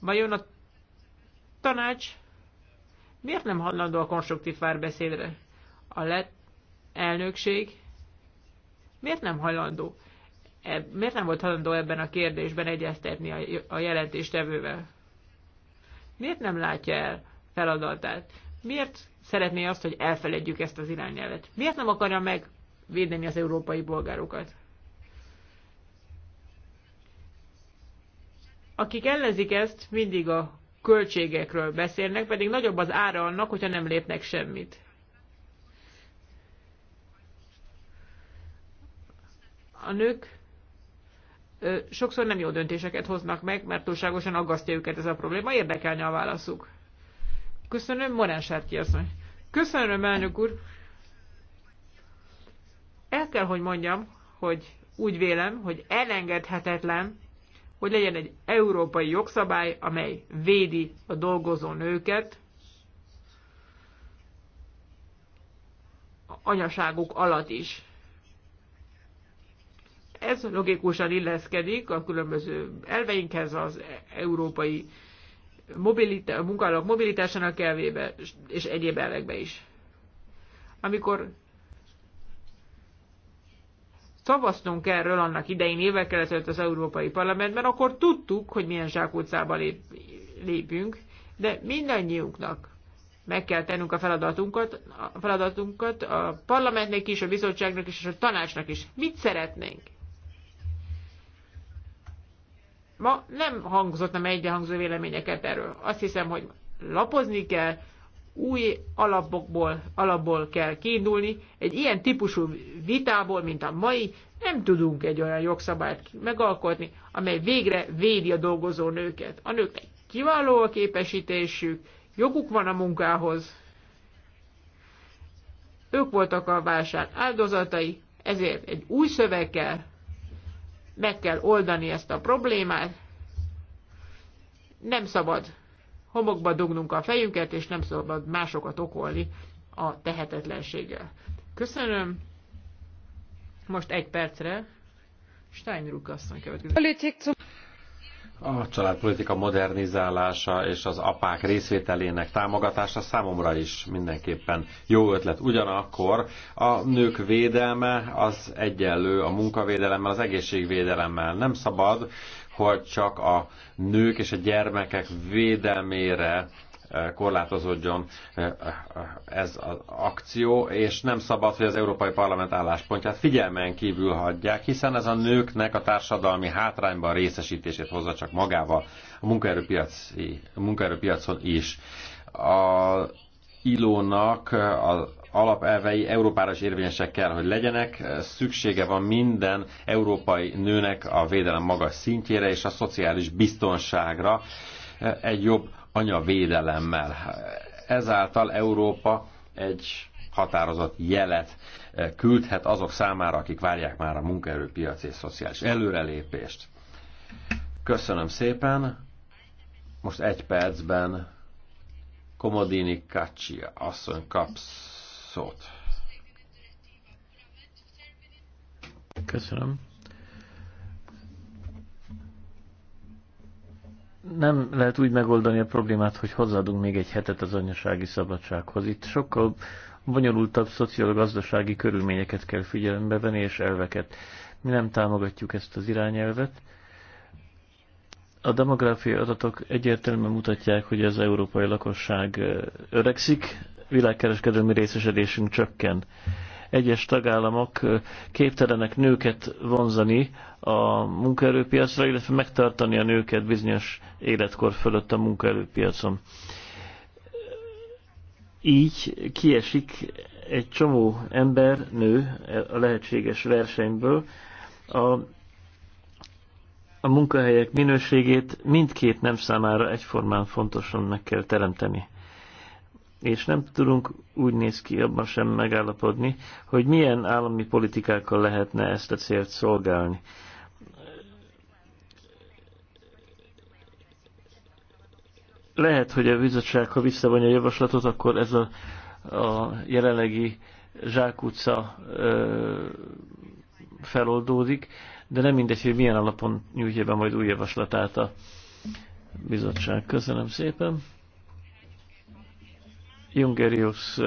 Vajon a tanács miért nem hallandó a konstruktív párbeszédre? A lett elnökség Miért nem hajlandó? E, miért nem volt hajlandó ebben a kérdésben egyeztetni a jelentéstevővel? Miért nem látja el feladatát? Miért szeretné azt, hogy elfeledjük ezt az irányelvet? Miért nem akarja megvédeni az európai polgárokat? Akik ellenzik ezt, mindig a költségekről beszélnek, pedig nagyobb az ára annak, hogyha nem lépnek semmit. a nők ö, sokszor nem jó döntéseket hoznak meg, mert túlságosan aggasztja őket ez a probléma, érdekelni a válaszuk. Köszönöm, Morán Sárki asszony. Köszönöm, elnök úr. El kell, hogy mondjam, hogy úgy vélem, hogy elengedhetetlen, hogy legyen egy európai jogszabály, amely védi a dolgozó nőket anyaságuk alatt is. Ez logikusan illeszkedik a különböző elveinkhez, az európai mobilita- munkálók mobilitásának elvébe, és egyéb elvekbe is. Amikor szavaztunk erről annak idején évekkel ezelőtt az Európai Parlamentben, akkor tudtuk, hogy milyen zsákutcába lép, lépünk, de mindannyiunknak meg kell tennünk a feladatunkat, a feladatunkat a parlamentnek is, a bizottságnak is, és a tanácsnak is. Mit szeretnénk? ma nem hangzott nem egyenhangzó véleményeket erről. Azt hiszem, hogy lapozni kell, új alapokból, alapból kell kiindulni. Egy ilyen típusú vitából, mint a mai, nem tudunk egy olyan jogszabályt megalkotni, amely végre védi a dolgozó nőket. A nőknek kiváló a képesítésük, joguk van a munkához. Ők voltak a válság áldozatai, ezért egy új szöveg kell, meg kell oldani ezt a problémát. Nem szabad homokba dugnunk a fejünket, és nem szabad másokat okolni a tehetetlenséggel. Köszönöm. Most egy percre. Steinruck asszony következik. A családpolitika modernizálása és az apák részvételének támogatása számomra is mindenképpen jó ötlet. Ugyanakkor a nők védelme az egyenlő a munkavédelemmel, az egészségvédelemmel. Nem szabad, hogy csak a nők és a gyermekek védelmére korlátozódjon eh, ez az akció, és nem szabad, hogy az Európai Parlament álláspontját figyelmen kívül hagyják, hiszen ez a nőknek a társadalmi hátrányban részesítését hozza csak magával a munkaerőpiaci, a munkaerőpiacon is. A ilónak az alapelvei Európára is érvényesek kell, hogy legyenek. Szüksége van minden európai nőnek a védelem magas szintjére és a szociális biztonságra egy jobb anyavédelemmel. Ezáltal Európa egy határozott jelet eh, küldhet azok számára, akik várják már a munkaerőpiaci és szociális előrelépést. Köszönöm szépen. Most egy percben Komodini Kacsi asszony kap szót. Köszönöm. nem lehet úgy megoldani a problémát, hogy hozzáadunk még egy hetet az anyasági szabadsághoz. Itt sokkal bonyolultabb szociogazdasági körülményeket kell figyelembe venni, és elveket. Mi nem támogatjuk ezt az irányelvet. A demográfiai adatok egyértelműen mutatják, hogy az európai lakosság öregszik, világkereskedelmi részesedésünk csökken egyes tagállamok képtelenek nőket vonzani a munkaerőpiacra, illetve megtartani a nőket bizonyos életkor fölött a munkaerőpiacon. Így kiesik egy csomó ember, nő a lehetséges versenyből, a, a munkahelyek minőségét mindkét nem számára egyformán fontosan meg kell teremteni és nem tudunk úgy néz ki abban sem megállapodni, hogy milyen állami politikákkal lehetne ezt a célt szolgálni. Lehet, hogy a bizottság, ha visszavonja a javaslatot, akkor ez a, a jelenlegi zsákutca ö, feloldódik, de nem mindegy, hogy milyen alapon nyújtja be majd új javaslatát a bizottság. Köszönöm szépen! Jungerius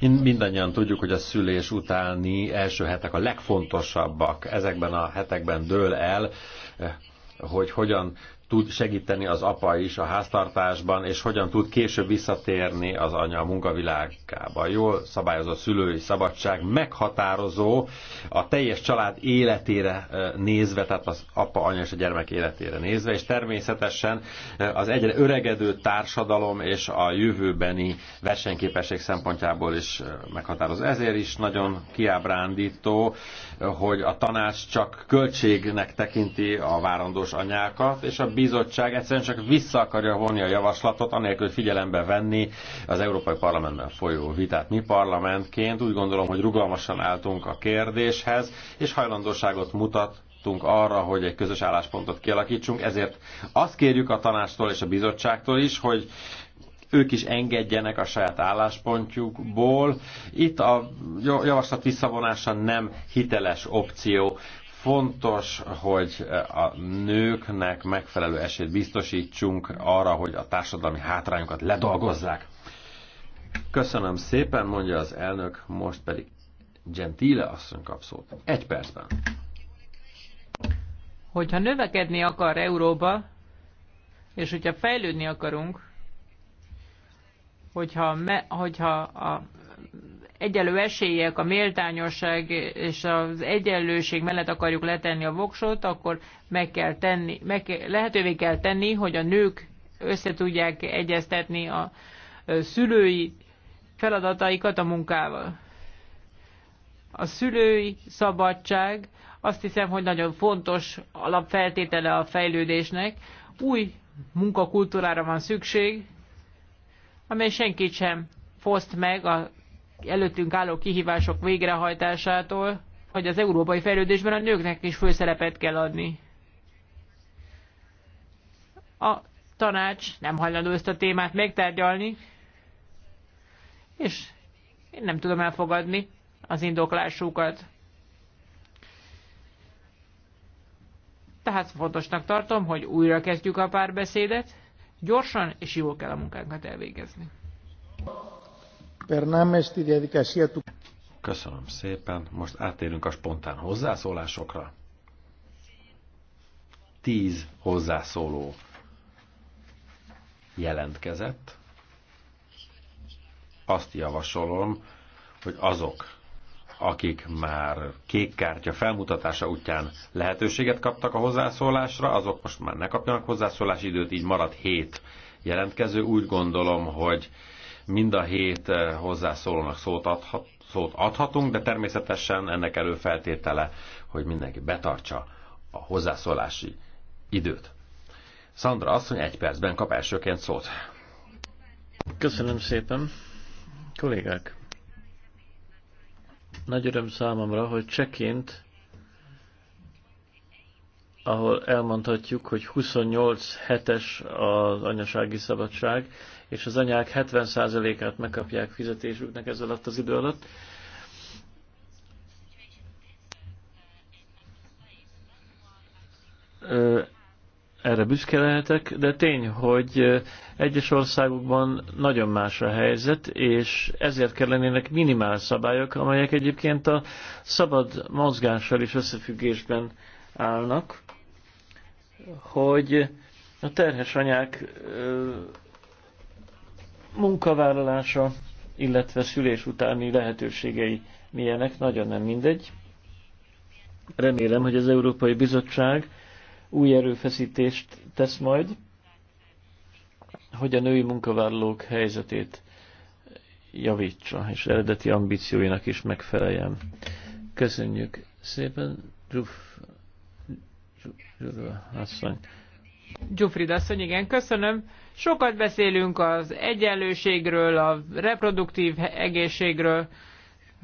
Mindannyian tudjuk, hogy a szülés utáni első hetek a legfontosabbak. Ezekben a hetekben dől el, eh, hogy hogyan tud segíteni az apa is a háztartásban, és hogyan tud később visszatérni az anya a munkavilágába. Jól szabályozó szülői szabadság meghatározó a teljes család életére eh, nézve, tehát az apa, anya és a gyermek életére nézve, és természetesen eh, az egyre öregedő társadalom és a jövőbeni versenyképesség szempontjából is eh, meghatározó. Ezért is nagyon kiábrándító, hogy a tanács csak költségnek tekinti a várandós anyákat, és a bizottság egyszerűen csak vissza akarja vonni a javaslatot, anélkül, hogy figyelembe venni az Európai Parlamentben folyó vitát. Mi parlamentként úgy gondolom, hogy rugalmasan álltunk a kérdéshez, és hajlandóságot mutat arra, hogy egy közös álláspontot kialakítsunk, ezért azt kérjük a tanástól és a bizottságtól is, hogy ők is engedjenek a saját álláspontjukból. Itt a javaslat visszavonása nem hiteles opció fontos, hogy a nőknek megfelelő esélyt biztosítsunk arra, hogy a társadalmi hátrányokat ledolgozzák. Köszönöm szépen, mondja az elnök, most pedig Gentile asszony kap szót. Egy percben. Hogyha növekedni akar Euróba, és hogyha fejlődni akarunk, hogyha, me, hogyha a egyenlő esélyek, a méltányosság és az egyenlőség mellett akarjuk letenni a voksot, akkor meg kell tenni, meg kell, lehetővé kell tenni, hogy a nők összetudják egyeztetni a szülői feladataikat a munkával. A szülői szabadság azt hiszem, hogy nagyon fontos alapfeltétele a fejlődésnek. Új munkakultúrára van szükség, amely senkit sem foszt meg a előttünk álló kihívások végrehajtásától, hogy az európai fejlődésben a nőknek is főszerepet kell adni. A tanács nem hajlandó ezt a témát megtárgyalni, és én nem tudom elfogadni az indoklásukat. Tehát fontosnak tartom, hogy újra kezdjük a párbeszédet, gyorsan és jól kell a munkánkat elvégezni. Köszönöm szépen. Most átérünk a spontán hozzászólásokra. Tíz hozzászóló jelentkezett. Azt javasolom, hogy azok, akik már kék kártya felmutatása útján lehetőséget kaptak a hozzászólásra, azok most már ne kapjanak hozzászólási időt, így marad hét jelentkező. Úgy gondolom, hogy mind a hét eh, hozzászólónak szót, adhat, szót adhatunk, de természetesen ennek előfeltétele, hogy mindenki betartsa a hozzászólási időt. Szandra asszony egy percben kap elsőként szót. Köszönöm szépen. Kollégák, nagy öröm számomra, hogy cseként, ahol elmondhatjuk, hogy 28 hetes az anyasági szabadság, és az anyák 70%-át megkapják fizetésüknek ez alatt az idő alatt. Ö, erre büszke lehetek, de tény, hogy egyes országokban nagyon más a helyzet, és ezért kellenének minimál szabályok, amelyek egyébként a szabad mozgással is összefüggésben állnak, hogy a terhes anyák munkavállalása, illetve szülés utáni lehetőségei milyenek, nagyon nem mindegy. Remélem, hogy az Európai Bizottság új erőfeszítést tesz majd, hogy a női munkavállalók helyzetét javítsa, és eredeti ambícióinak is megfeleljen. Köszönjük szépen, Zsuf, asszony. Gyufrid asszony, igen, köszönöm. Sokat beszélünk az egyenlőségről, a reproduktív egészségről,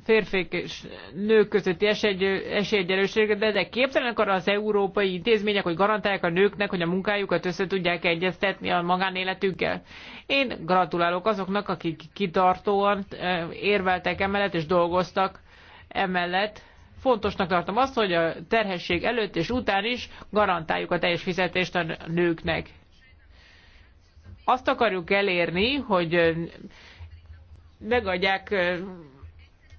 férfék és nők közötti esély, esélyegyenlőséget, de, de képtelenek arra az európai intézmények, hogy garantálják a nőknek, hogy a munkájukat össze tudják egyeztetni a magánéletükkel. Én gratulálok azoknak, akik kitartóan eh, érveltek emellett és dolgoztak emellett. Fontosnak tartom azt, hogy a terhesség előtt és után is garantáljuk a teljes fizetést a nőknek. Azt akarjuk elérni, hogy megadják eh,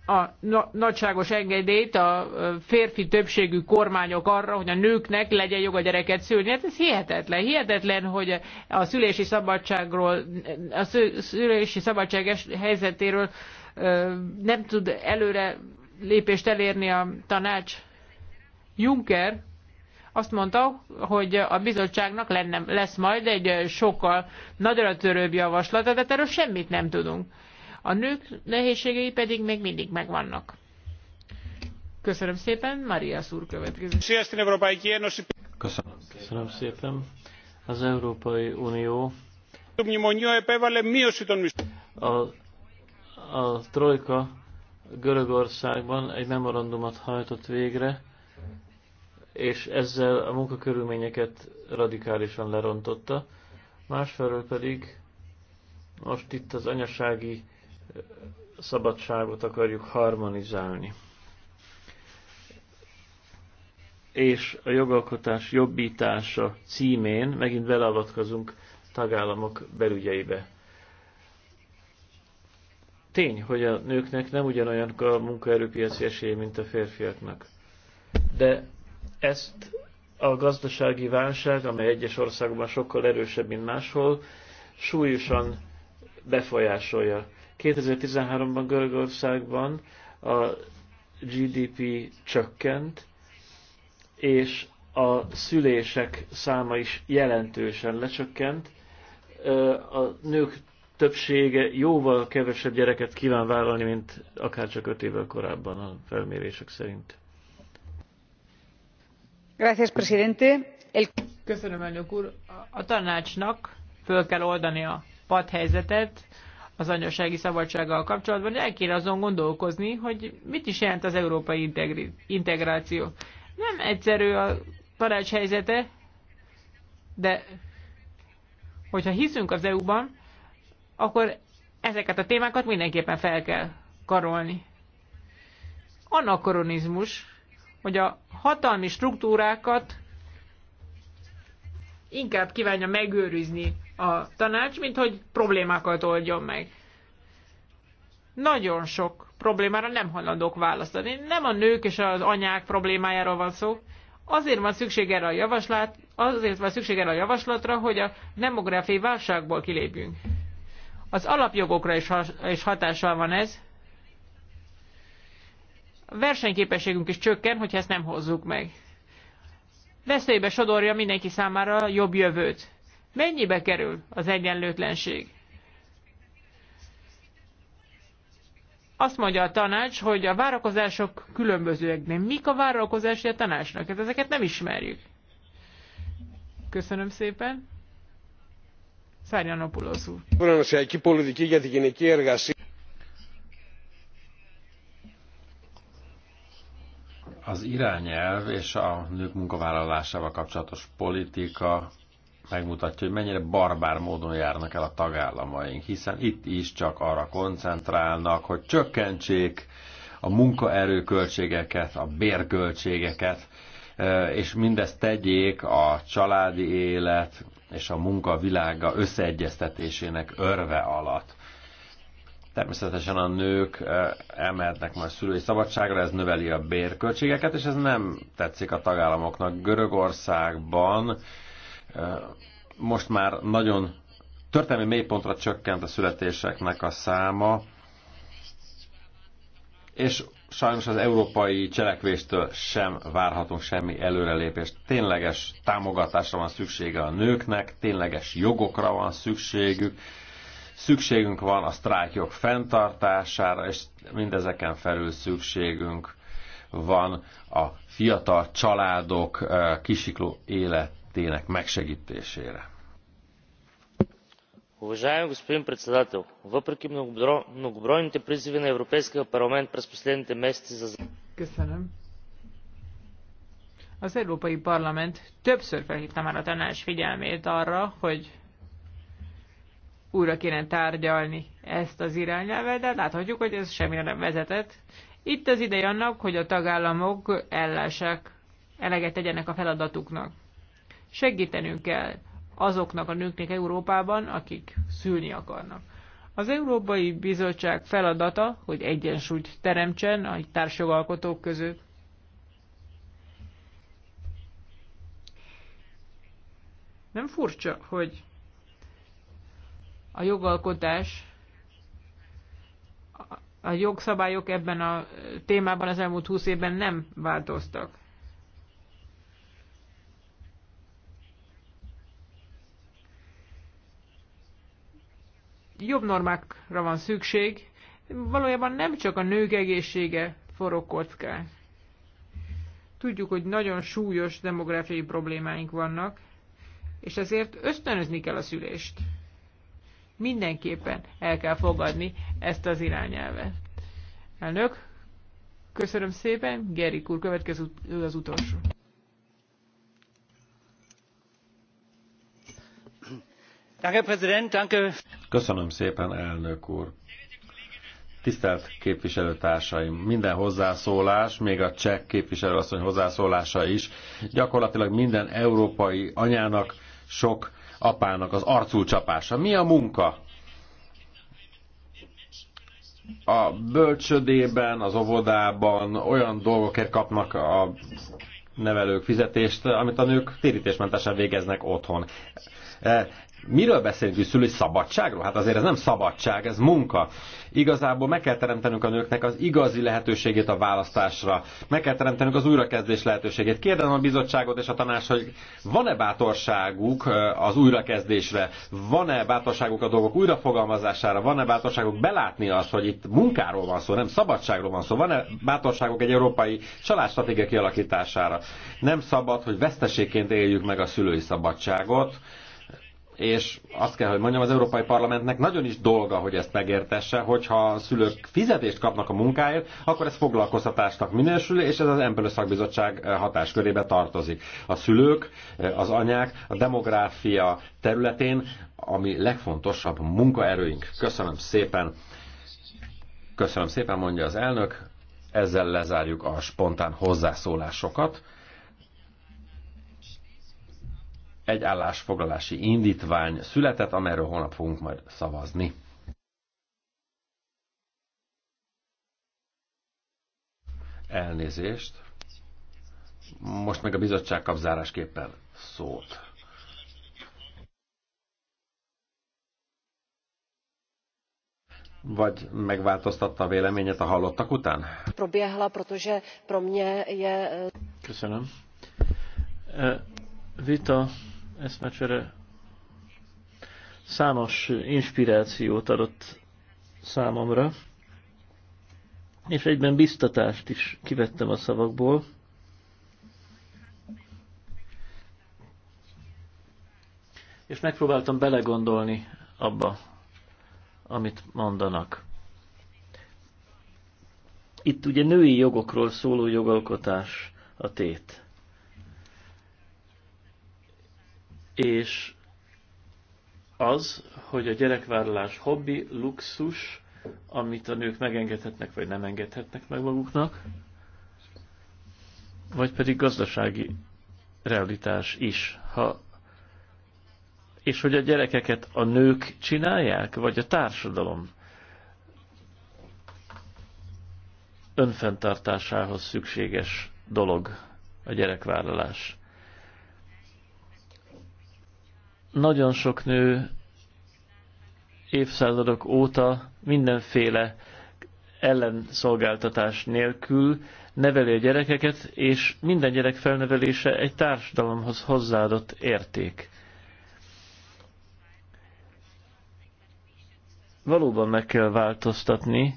a nagyságos engedélyt a férfi többségű kormányok arra, hogy a nőknek legyen joga gyereket szülni. Hát ez hihetetlen. Hihetetlen, hogy a szülési szabadságról, a szülési szabadság helyzetéről nem tud előre lépést elérni a tanács. Juncker azt mondta, hogy a bizottságnak lenne, lesz majd egy sokkal nagyra törőbb javaslata, de hát erről semmit nem tudunk. A nők nehézségei pedig még mindig megvannak. Köszönöm szépen, Maria Szúr következik. Köszönöm. Köszönöm szépen. Az Európai Unió a, a Trojka Görögországban egy memorandumot hajtott végre, és ezzel a munkakörülményeket radikálisan lerontotta. Másfelől pedig most itt az anyasági szabadságot akarjuk harmonizálni. És a jogalkotás jobbítása címén megint beleavatkozunk tagállamok belügyeibe. Tény, hogy a nőknek nem ugyanolyan a munkaerőpiaci esély, mint a férfiaknak. De ezt a gazdasági válság, amely egyes országokban sokkal erősebb, mint máshol, súlyosan befolyásolja 2013-ban Görögországban a GDP csökkent, és a szülések száma is jelentősen lecsökkent. A nők többsége jóval kevesebb gyereket kíván vállalni, mint akár csak öt évvel korábban a felmérések szerint. Gracias, presidente. El... Köszönöm, elnök úr. A tanácsnak föl kell oldani a padhelyzetet, az anyasági szabadsággal kapcsolatban, el kéne azon gondolkozni, hogy mit is jelent az európai integráció. Nem egyszerű a tanács helyzete, de hogyha hiszünk az EU-ban, akkor ezeket a témákat mindenképpen fel kell karolni. Anakronizmus, hogy a hatalmi struktúrákat inkább kívánja megőrizni a tanács, mint hogy problémákat oldjon meg. Nagyon sok problémára nem hajlandók választani. Nem a nők és az anyák problémájáról van szó. Azért van szükség erre a javaslat, azért van szükség erre a javaslatra, hogy a demográfiai válságból kilépjünk. Az alapjogokra is, is hatással van ez. A versenyképességünk is csökken, hogyha ezt nem hozzuk meg. Veszélybe sodorja mindenki számára a jobb jövőt Mennyibe kerül az egyenlőtlenség? Azt mondja a tanács, hogy a várakozások különbözőek, de mik a várakozási a tanácsnak? Hát ezeket nem ismerjük. Köszönöm szépen. Szárjanopulosz úr. Az irányelv és a nők munkavállalásával kapcsolatos politika megmutatja, hogy mennyire barbár módon járnak el a tagállamaink, hiszen itt is csak arra koncentrálnak, hogy csökkentsék a munkaerőköltségeket, a bérköltségeket, és mindezt tegyék a családi élet és a munka világa összeegyeztetésének örve alatt. Természetesen a nők elmehetnek majd szülői szabadságra, ez növeli a bérköltségeket, és ez nem tetszik a tagállamoknak. Görögországban most már nagyon történelmi mélypontra csökkent a születéseknek a száma, és sajnos az európai cselekvéstől sem várhatunk semmi előrelépést. Tényleges támogatásra van szüksége a nőknek, tényleges jogokra van szükségük, szükségünk van a sztrájkjog fenntartására, és mindezeken felül szükségünk van a fiatal családok eh, kisikló élet életének megsegítésére. Уважаеми господин председател, въпреки многобройните призиви на Европейския парламент през последните месеци за... Köszönöm. Az Európai Parlament többször felhívta már a tanács figyelmét arra, hogy újra kéne tárgyalni ezt az irányelvet, de láthatjuk, hogy ez semmire nem vezetett. Itt az ideje annak, hogy a tagállamok ellássák, eleget tegyenek a feladatuknak. Segítenünk kell azoknak a nőknek Európában, akik szülni akarnak. Az Európai Bizottság feladata, hogy egyensúlyt teremtsen a társjogalkotók között. Nem furcsa, hogy a jogalkotás, a jogszabályok ebben a témában az elmúlt húsz évben nem változtak. jobb normákra van szükség, valójában nem csak a nők egészsége forog kocká. Tudjuk, hogy nagyon súlyos demográfiai problémáink vannak, és ezért ösztönözni kell a szülést. Mindenképpen el kell fogadni ezt az irányelvet. Elnök, köszönöm szépen, Gerik úr, következő az utolsó. Köszönöm szépen, elnök úr. Tisztelt képviselőtársaim, minden hozzászólás, még a cseh képviselőasszony hozzászólása is, gyakorlatilag minden európai anyának, sok apának az arcul csapása. Mi a munka? A bölcsödében, az óvodában olyan dolgokért kapnak a nevelők fizetést, amit a nők térítésmentesen végeznek otthon miről beszélünk hogy szülői szabadságról? Hát azért ez nem szabadság, ez munka. Igazából meg kell teremtenünk a nőknek az igazi lehetőségét a választásra. Meg kell teremtenünk az újrakezdés lehetőségét. Kérdem a bizottságot és a tanács, hogy van-e bátorságuk az újrakezdésre? Van-e bátorságuk a dolgok újrafogalmazására? Van-e bátorságuk belátni azt, hogy itt munkáról van szó, nem szabadságról van szó? Van-e bátorságuk egy európai családstratégia kialakítására? Nem szabad, hogy veszteségként éljük meg a szülői szabadságot és azt kell, hogy mondjam, az Európai Parlamentnek nagyon is dolga, hogy ezt megértesse, hogyha a szülők fizetést kapnak a munkáért, akkor ez foglalkoztatásnak minősül, és ez az Empelő Szakbizottság eh, hatáskörébe tartozik. A szülők, eh, az anyák a demográfia területén, ami legfontosabb munkaerőink. Köszönöm szépen. Köszönöm szépen, mondja az elnök. Ezzel lezárjuk a spontán hozzászólásokat. egy állásfoglalási indítvány született, amelyről holnap fogunk majd szavazni. Elnézést. Most meg a bizottság kap zárásképpen szót. Vagy megváltoztatta a véleményet a hallottak után? Proběhla, protože pro mě je... Eh, Köszönöm. Eh, vita eszmecsere számos inspirációt adott számomra, és egyben biztatást is kivettem a szavakból. És megpróbáltam belegondolni abba, amit mondanak. Itt ugye női jogokról szóló jogalkotás a tét. és az, hogy a gyerekvállalás hobbi, luxus, amit a nők megengedhetnek, vagy nem engedhetnek meg maguknak, vagy pedig gazdasági realitás is. Ha, és hogy a gyerekeket a nők csinálják, vagy a társadalom önfenntartásához szükséges dolog a gyerekvállalás. Nagyon sok nő évszázadok óta mindenféle ellenszolgáltatás nélkül neveli a gyerekeket, és minden gyerek felnevelése egy társadalomhoz hozzáadott érték. Valóban meg kell változtatni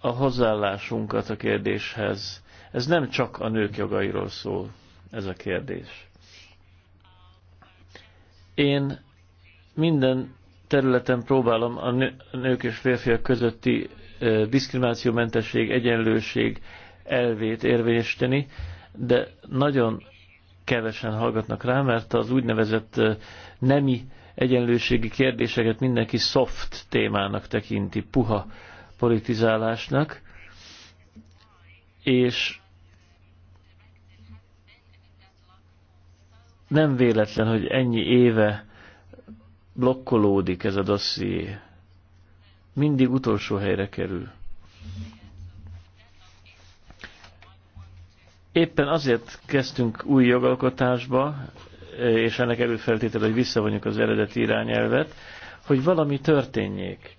a hozzáállásunkat a kérdéshez. Ez nem csak a nők jogairól szól, ez a kérdés. Én minden területen próbálom a nők és férfiak közötti diszkriminációmentesség, egyenlőség elvét érvényesíteni, de nagyon kevesen hallgatnak rá, mert az úgynevezett nemi egyenlőségi kérdéseket mindenki soft témának tekinti, puha politizálásnak, és nem véletlen, hogy ennyi éve blokkolódik ez a dosszié. Mindig utolsó helyre kerül. Éppen azért kezdtünk új jogalkotásba, és ennek előfeltétele, hogy visszavonjuk az eredeti irányelvet, hogy valami történjék.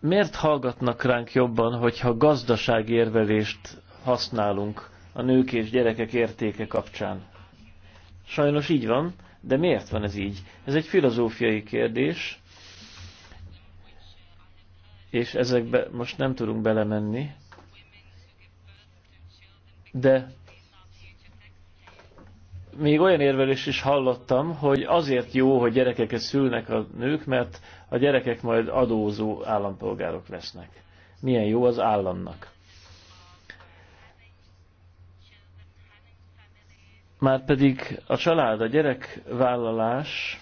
Miért hallgatnak ránk jobban, hogyha gazdasági érvelést használunk a nők és gyerekek értéke kapcsán. Sajnos így van, de miért van ez így? Ez egy filozófiai kérdés, és ezekbe most nem tudunk belemenni, de még olyan érvelés is hallottam, hogy azért jó, hogy gyerekeket szülnek a nők, mert a gyerekek majd adózó állampolgárok lesznek. Milyen jó az államnak. Márpedig a család, a gyerekvállalás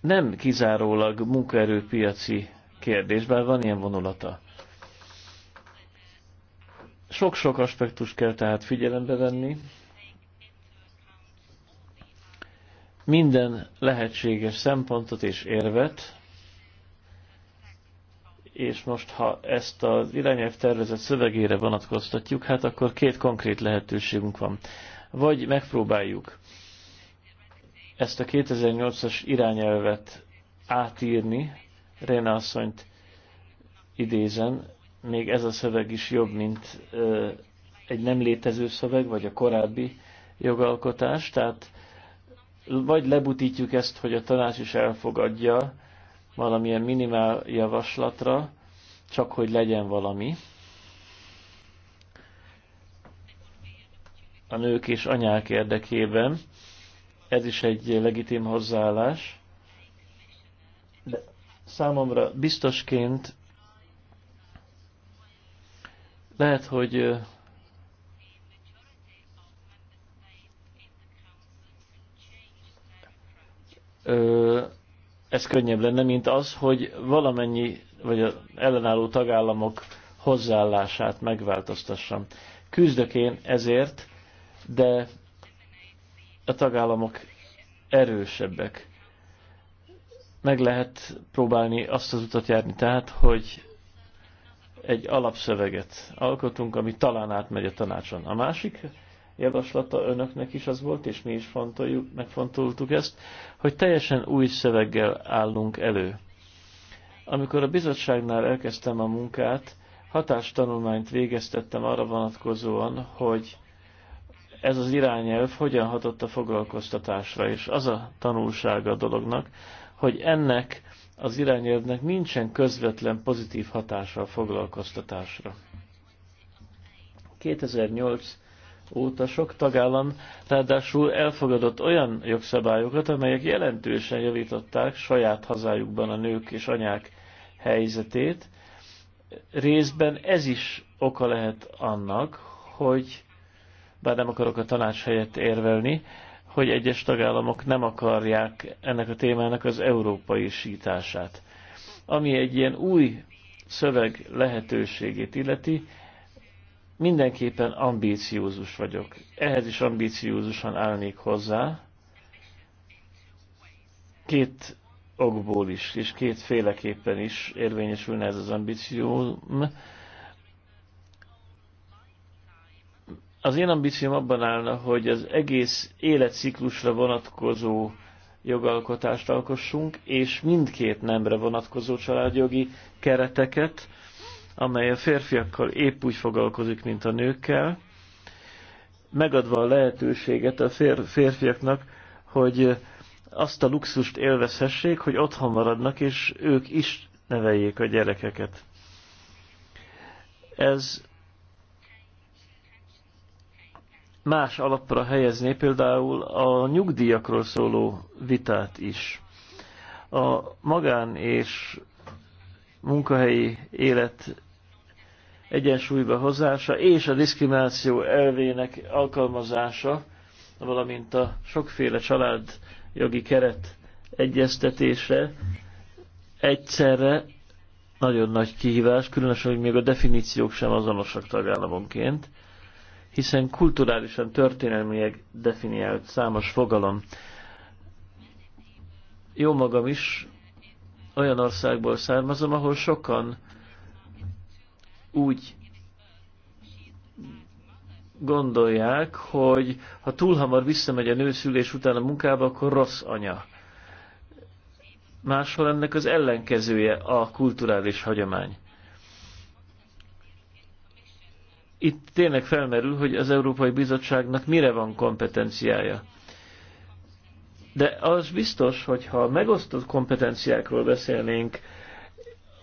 nem kizárólag munkaerőpiaci kérdés, bár van ilyen vonulata. Sok-sok aspektus kell tehát figyelembe venni. Minden lehetséges szempontot és érvet, és most ha ezt az irányelv tervezett szövegére vonatkoztatjuk, hát akkor két konkrét lehetőségünk van. Vagy megpróbáljuk ezt a 2008-as irányelvet átírni, Réna asszonyt idézen, még ez a szöveg is jobb, mint ö, egy nem létező szöveg, vagy a korábbi jogalkotás, tehát vagy lebutítjuk ezt, hogy a tanács is elfogadja, valamilyen minimál javaslatra, csak hogy legyen valami. A nők és anyák érdekében. Ez is egy legitim hozzáállás. De számomra biztosként lehet, hogy ö, ez könnyebb lenne, mint az, hogy valamennyi, vagy az ellenálló tagállamok hozzáállását megváltoztassam. Küzdök én ezért, de a tagállamok erősebbek. Meg lehet próbálni azt az utat járni, tehát, hogy egy alapszöveget alkotunk, ami talán átmegy a tanácson. A másik javaslata önöknek is az volt, és mi is fontoljuk, megfontoltuk ezt, hogy teljesen új szöveggel állunk elő. Amikor a bizottságnál elkezdtem a munkát, hatástanulmányt végeztettem arra vonatkozóan, hogy ez az irányelv hogyan hatott a foglalkoztatásra, és az a tanulsága a dolognak, hogy ennek az irányelvnek nincsen közvetlen pozitív hatása a foglalkoztatásra. 2008 óta sok tagállam ráadásul elfogadott olyan jogszabályokat, amelyek jelentősen javították saját hazájukban a nők és anyák helyzetét. Részben ez is oka lehet annak, hogy bár nem akarok a tanács helyett érvelni, hogy egyes tagállamok nem akarják ennek a témának az európai sítását. Ami egy ilyen új szöveg lehetőségét illeti, mindenképpen ambíciózus vagyok. Ehhez is ambíciózusan állnék hozzá. Két okból is, és két féleképpen is érvényesülne ez az ambícióm. Az én ambícióm abban állna, hogy az egész életciklusra vonatkozó jogalkotást alkossunk, és mindkét nemre vonatkozó családjogi kereteket, amely a férfiakkal épp úgy foglalkozik, mint a nőkkel, megadva a lehetőséget a férfiaknak, hogy azt a luxust élvezhessék, hogy otthon maradnak, és ők is neveljék a gyerekeket. Ez más alapra helyezné például a nyugdíjakról szóló vitát is. A magán és munkahelyi élet egyensúlyba hozása és a diszkrimináció elvének alkalmazása, valamint a sokféle családjogi keret egyeztetése egyszerre nagyon nagy kihívás, különösen, hogy még a definíciók sem azonosak tagállamonként, hiszen kulturálisan, történelmileg definiált számos fogalom. Jó magam is olyan országból származom, ahol sokan úgy gondolják, hogy ha túl hamar visszamegy a nőszülés után a munkába, akkor rossz anya. Máshol ennek az ellenkezője a kulturális hagyomány. Itt tényleg felmerül, hogy az Európai Bizottságnak mire van kompetenciája. De az biztos, hogy ha megosztott kompetenciákról beszélnénk,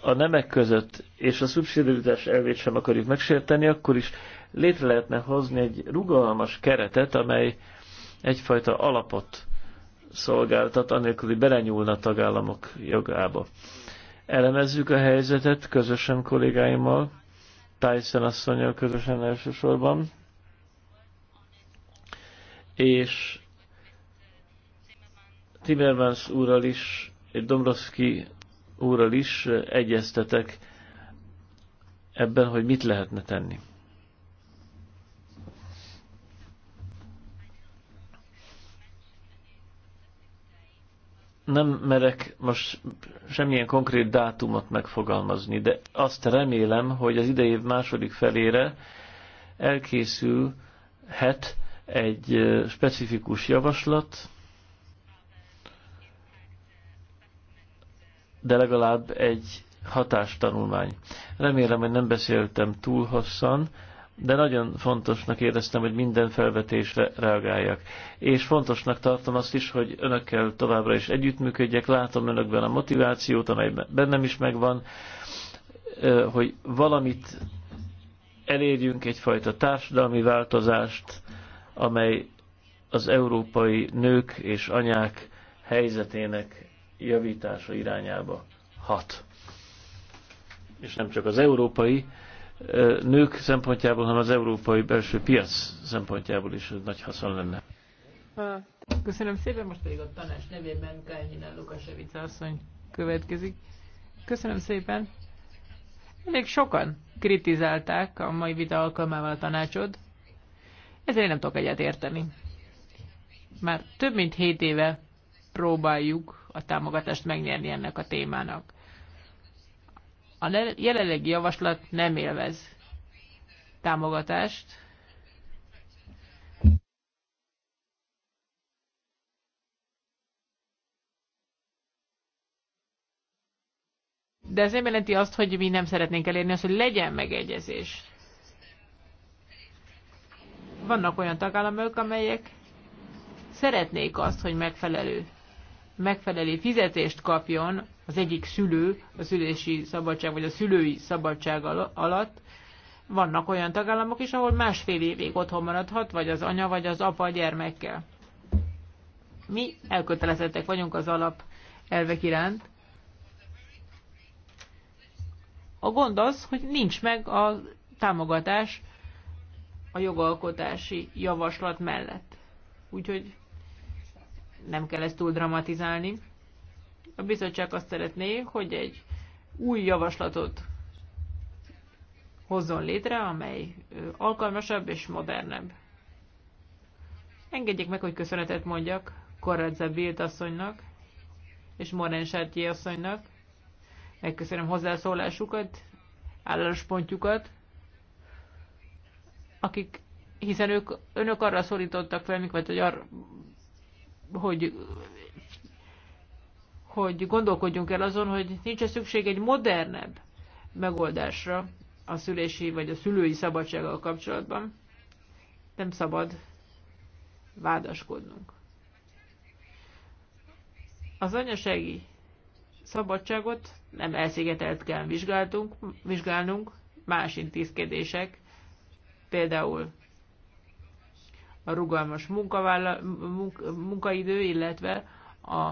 a nemek között és a szubszidiaritás elvét sem akarjuk megsérteni, akkor is létre lehetne hozni egy rugalmas keretet, amely egyfajta alapot szolgáltat, anélkül, hogy belenyúlna a tagállamok jogába. Elemezzük a helyzetet közösen kollégáimmal, Tyson asszonyjal közösen elsősorban, és Timmermans úrral is, egy Dombrovski úrral is egyeztetek ebben, hogy mit lehetne tenni. nem merek most semmilyen konkrét dátumot megfogalmazni, de azt remélem, hogy az idei év második felére elkészülhet egy specifikus javaslat, de legalább egy hatástanulmány. Remélem, hogy nem beszéltem túl hosszan, de nagyon fontosnak éreztem, hogy minden felvetésre reagáljak. És fontosnak tartom azt is, hogy önökkel továbbra is együttműködjek, látom önökben a motivációt, amely bennem is megvan, hogy valamit elérjünk, egyfajta társadalmi változást, amely az európai nők és anyák helyzetének javítása irányába hat. És nem csak az európai nők szempontjából, hanem az európai belső piac szempontjából is nagy haszon lenne. Köszönöm szépen, most pedig a tanács nevében Kálnyina Lukasevica asszony következik. Köszönöm szépen. Elég sokan kritizálták a mai vita alkalmával a tanácsod, ezért én nem tudok egyet érteni. Már több mint hét éve próbáljuk a támogatást megnyerni ennek a témának. A jelenlegi javaslat nem élvez támogatást, De ez nem jelenti azt, hogy mi nem szeretnénk elérni azt, hogy legyen megegyezés. Vannak olyan tagállamok, amelyek szeretnék azt, hogy megfelelő megfelelő fizetést kapjon az egyik szülő a szülési szabadság vagy a szülői szabadság alatt. Vannak olyan tagállamok is, ahol másfél évig otthon maradhat, vagy az anya, vagy az apa a gyermekkel. Mi elkötelezettek vagyunk az alap elvek iránt. A gond az, hogy nincs meg a támogatás a jogalkotási javaslat mellett. Úgyhogy nem kell ezt túl dramatizálni. A bizottság azt szeretné, hogy egy új javaslatot hozzon létre, amely alkalmasabb és modernebb. Engedjék meg, hogy köszönetet mondjak Korradza Bilt asszonynak és Moren Sertjé asszonynak. Megköszönöm hozzászólásukat, álláspontjukat, akik, hiszen ők, önök arra szólítottak fel mikor hogy arra hogy hogy gondolkodjunk el azon, hogy nincs-e szükség egy modernebb megoldásra a szülési vagy a szülői szabadsággal kapcsolatban. Nem szabad vádaskodnunk. Az anyasági szabadságot nem elszigetelt kell vizsgálnunk, más intézkedések, például a rugalmas munkaidő, illetve a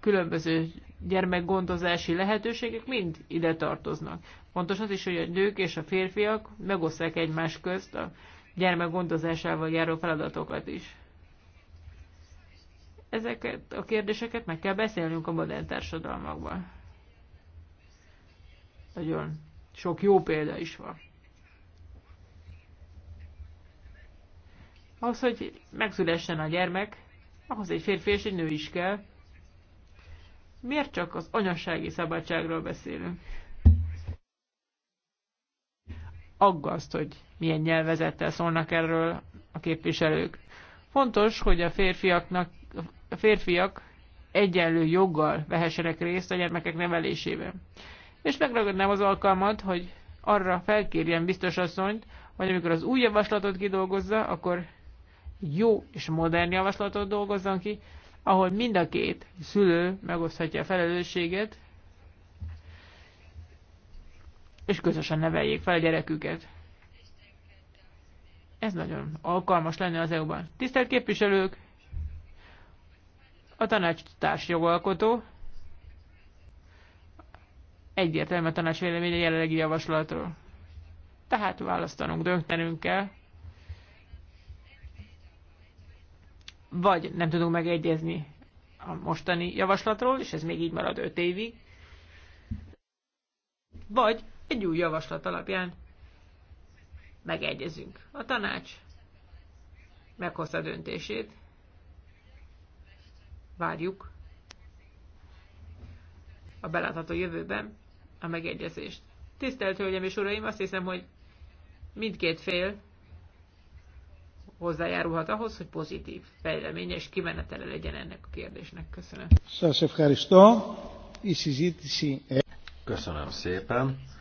különböző gyermekgondozási lehetőségek mind ide tartoznak. Fontos az is, hogy a nők és a férfiak megosztják egymás közt a gyermekgondozásával járó feladatokat is. Ezeket a kérdéseket meg kell beszélnünk a modern társadalmakban. Nagyon sok jó példa is van. Ahhoz, hogy megszülessen a gyermek, ahhoz egy férfi és egy nő is kell. Miért csak az anyasági szabadságról beszélünk? Aggaszt, hogy milyen nyelvezettel szólnak erről a képviselők. Fontos, hogy a férfiaknak, a férfiak egyenlő joggal vehessenek részt a gyermekek nevelésében. És megragadnám az alkalmat, hogy arra felkérjen biztos asszonyt, hogy amikor az új javaslatot kidolgozza, akkor jó és modern javaslatot dolgozzon ki, ahol mind a két szülő megoszthatja a felelősséget, és közösen neveljék fel a gyereküket. Ez nagyon alkalmas lenne az EU-ban. Tisztelt képviselők! A tanács társjogalkotó egyértelmű a tanács véleménye jelenlegi javaslatról. Tehát választanunk, döntenünk kell, vagy nem tudunk megegyezni a mostani javaslatról, és ez még így marad 5 évig, vagy egy új javaslat alapján megegyezünk. A tanács meghozta döntését, várjuk a belátható jövőben a megegyezést. Tisztelt Hölgyeim és Uraim, azt hiszem, hogy mindkét fél hozzájárulhat ahhoz, hogy pozitív fejleménye és kimenetele legyen ennek a kérdésnek. Köszönöm. Köszönöm szépen.